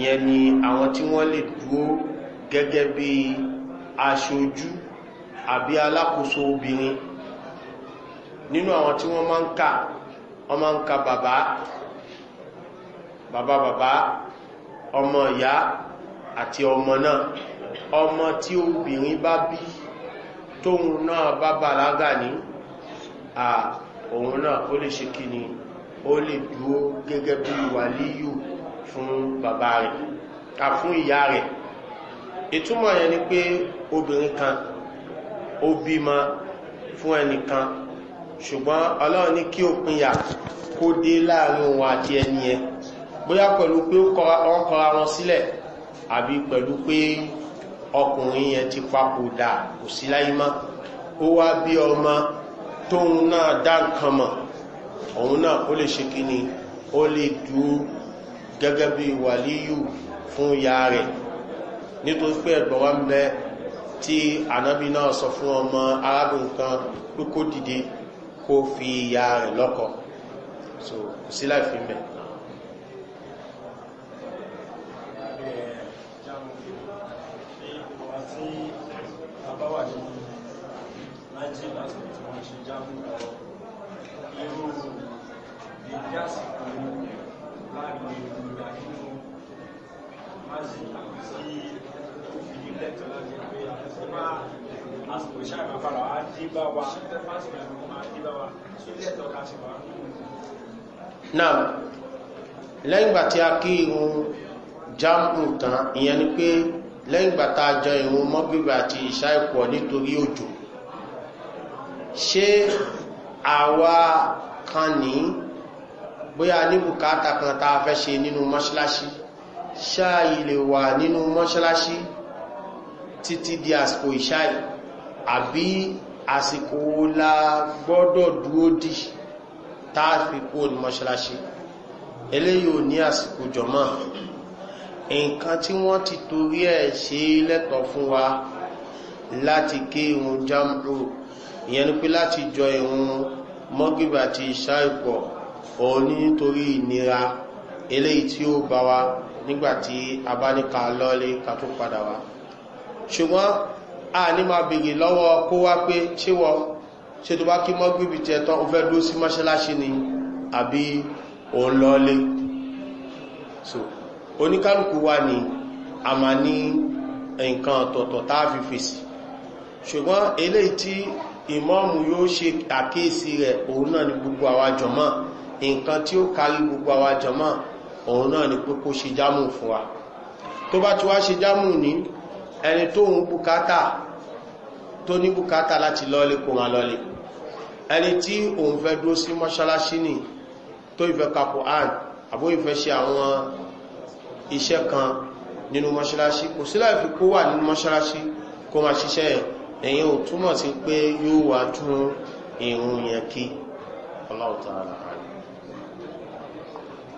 ìyẹn ni àwọn tí wọ́n lè dúró gẹ́gẹ́ bí aṣojú àbí alákòóso obìnrin nínú àwọn tí wọ́n máa ń ka wọ́n máa ń ka bàbá bàbá bàbá ọmọ ìyá àti ọmọ náà ọmọ tí obìnrin bá bí tóun náà bá bàlágà ní à òun náà ó lè ṣe kí ni ó lè dúó gẹ́gẹ́ bí wàlíyù fún bàbá rẹ̀ ká fún ìyá rẹ̀ ìtumọ̀ yẹn ni pé obìnrin kan ó bímọ fún ẹnìkan ṣùgbọ́n ọlọ́run ní kí òpin yà kó dé láàrin òun àti ẹni yẹn bóyá pẹ̀lú pé wọ́n kọra wọn sílẹ̀ àbí pẹ̀lú pé ọkùnrin yẹn ti papòdà kò sí láyé mọ́ ó wá bí ọmọ tóun náà dá nǹkan mọ̀ òun náà ó lè ṣe kí ni ó lè dúró gẹ́gẹ́ bí wàlíyù fún ya rẹ̀ nítorí pé ẹ̀gbọ̀n wa mẹ́ tí ànábì náà sọ fún ọmọ arábìnrin kan pé kó dìde kó fi ya rẹ̀ lọ́kọ̀ so kò sí láì fi mẹ́ Irú ìdí àsìkò láàrin ìgbà nínú máàzì àti òfin lẹ́tọ̀ láti pé àti máa àsìkò iṣẹ́ àmàfàrà àdíbáwa fásitì àmàfàrà wà náà lẹ́yìn tí a kí irun jámù tán ìyẹn ni pé lẹ́yìn ìgbà tá a jọ irun mọ́gbìgbà àti ìṣá ìpọ̀ nítorí òjò ṣé àwa kan nìí bóyá ní bùkátà kan ta fẹ́ ṣe nínú mọ́ṣíláṣí ṣáàyì lè wà nínú mọ́ṣíláṣí títí di àsìkò ìṣáàyì àbí àsìkò la gbọ́dọ̀ dúó dì táàfi kó ní mọ́ṣíláṣí eléyìí ò ní àsìkò jọmọ́ nǹkan tí wọ́n ti torí ẹ̀ ṣe lẹ́tọ̀ fún wa láti ké ìrùn jámù ìyẹn láti jọ ìrùn mọ́gìbà àti ìṣáìpọ̀ o nítorí ìnira eléyìí tí ó bá wa nígbàtí a bá ní ká lọ́lé ká tó padà wá ṣùgbọ́n a ní máa bèèrè lọ́wọ́ kó wá pé ṣíwọ́ ṣe tó bá kí mọ́ gbíbi tẹ́ tán fẹ́ dúró sí mọ́ṣáláṣí ni àbí òun lọ́lé so oníkálùkù wá ni a ma ní nǹkan ọ̀tọ̀ọ̀tọ̀ táà fi fèsì ṣùgbọ́n eléyìí tí ìmọ́ọ̀mù yóò ṣe àkíyèsí rẹ̀ òun náà ni gbogbo àwájọ mọ́ nǹkan tí ó kárí gbogbo àwa jọmọ́ òun náà ni pé kó ṣe jámù fún wa tó bá ti wá ṣe jámù ní ẹni tó ń bùkátà tó ní bùkátà láti lọ́lé kó máa lọ́lé ẹni tí òun fẹ́ dúró sí mọ́ṣálásí nì tó ìfẹ́ kapò àn àbó ìfẹ́ ṣe àwọn iṣẹ́ kan nínú mọ́ṣálásí kò sí láìfi kó wà nínú mọ́ṣálásí kó máa ṣiṣẹ́ ẹ̀yìn ò túmọ̀ sí pé yóò wá tún ìrùn yẹn kí ọlọ́ọ̀tàrà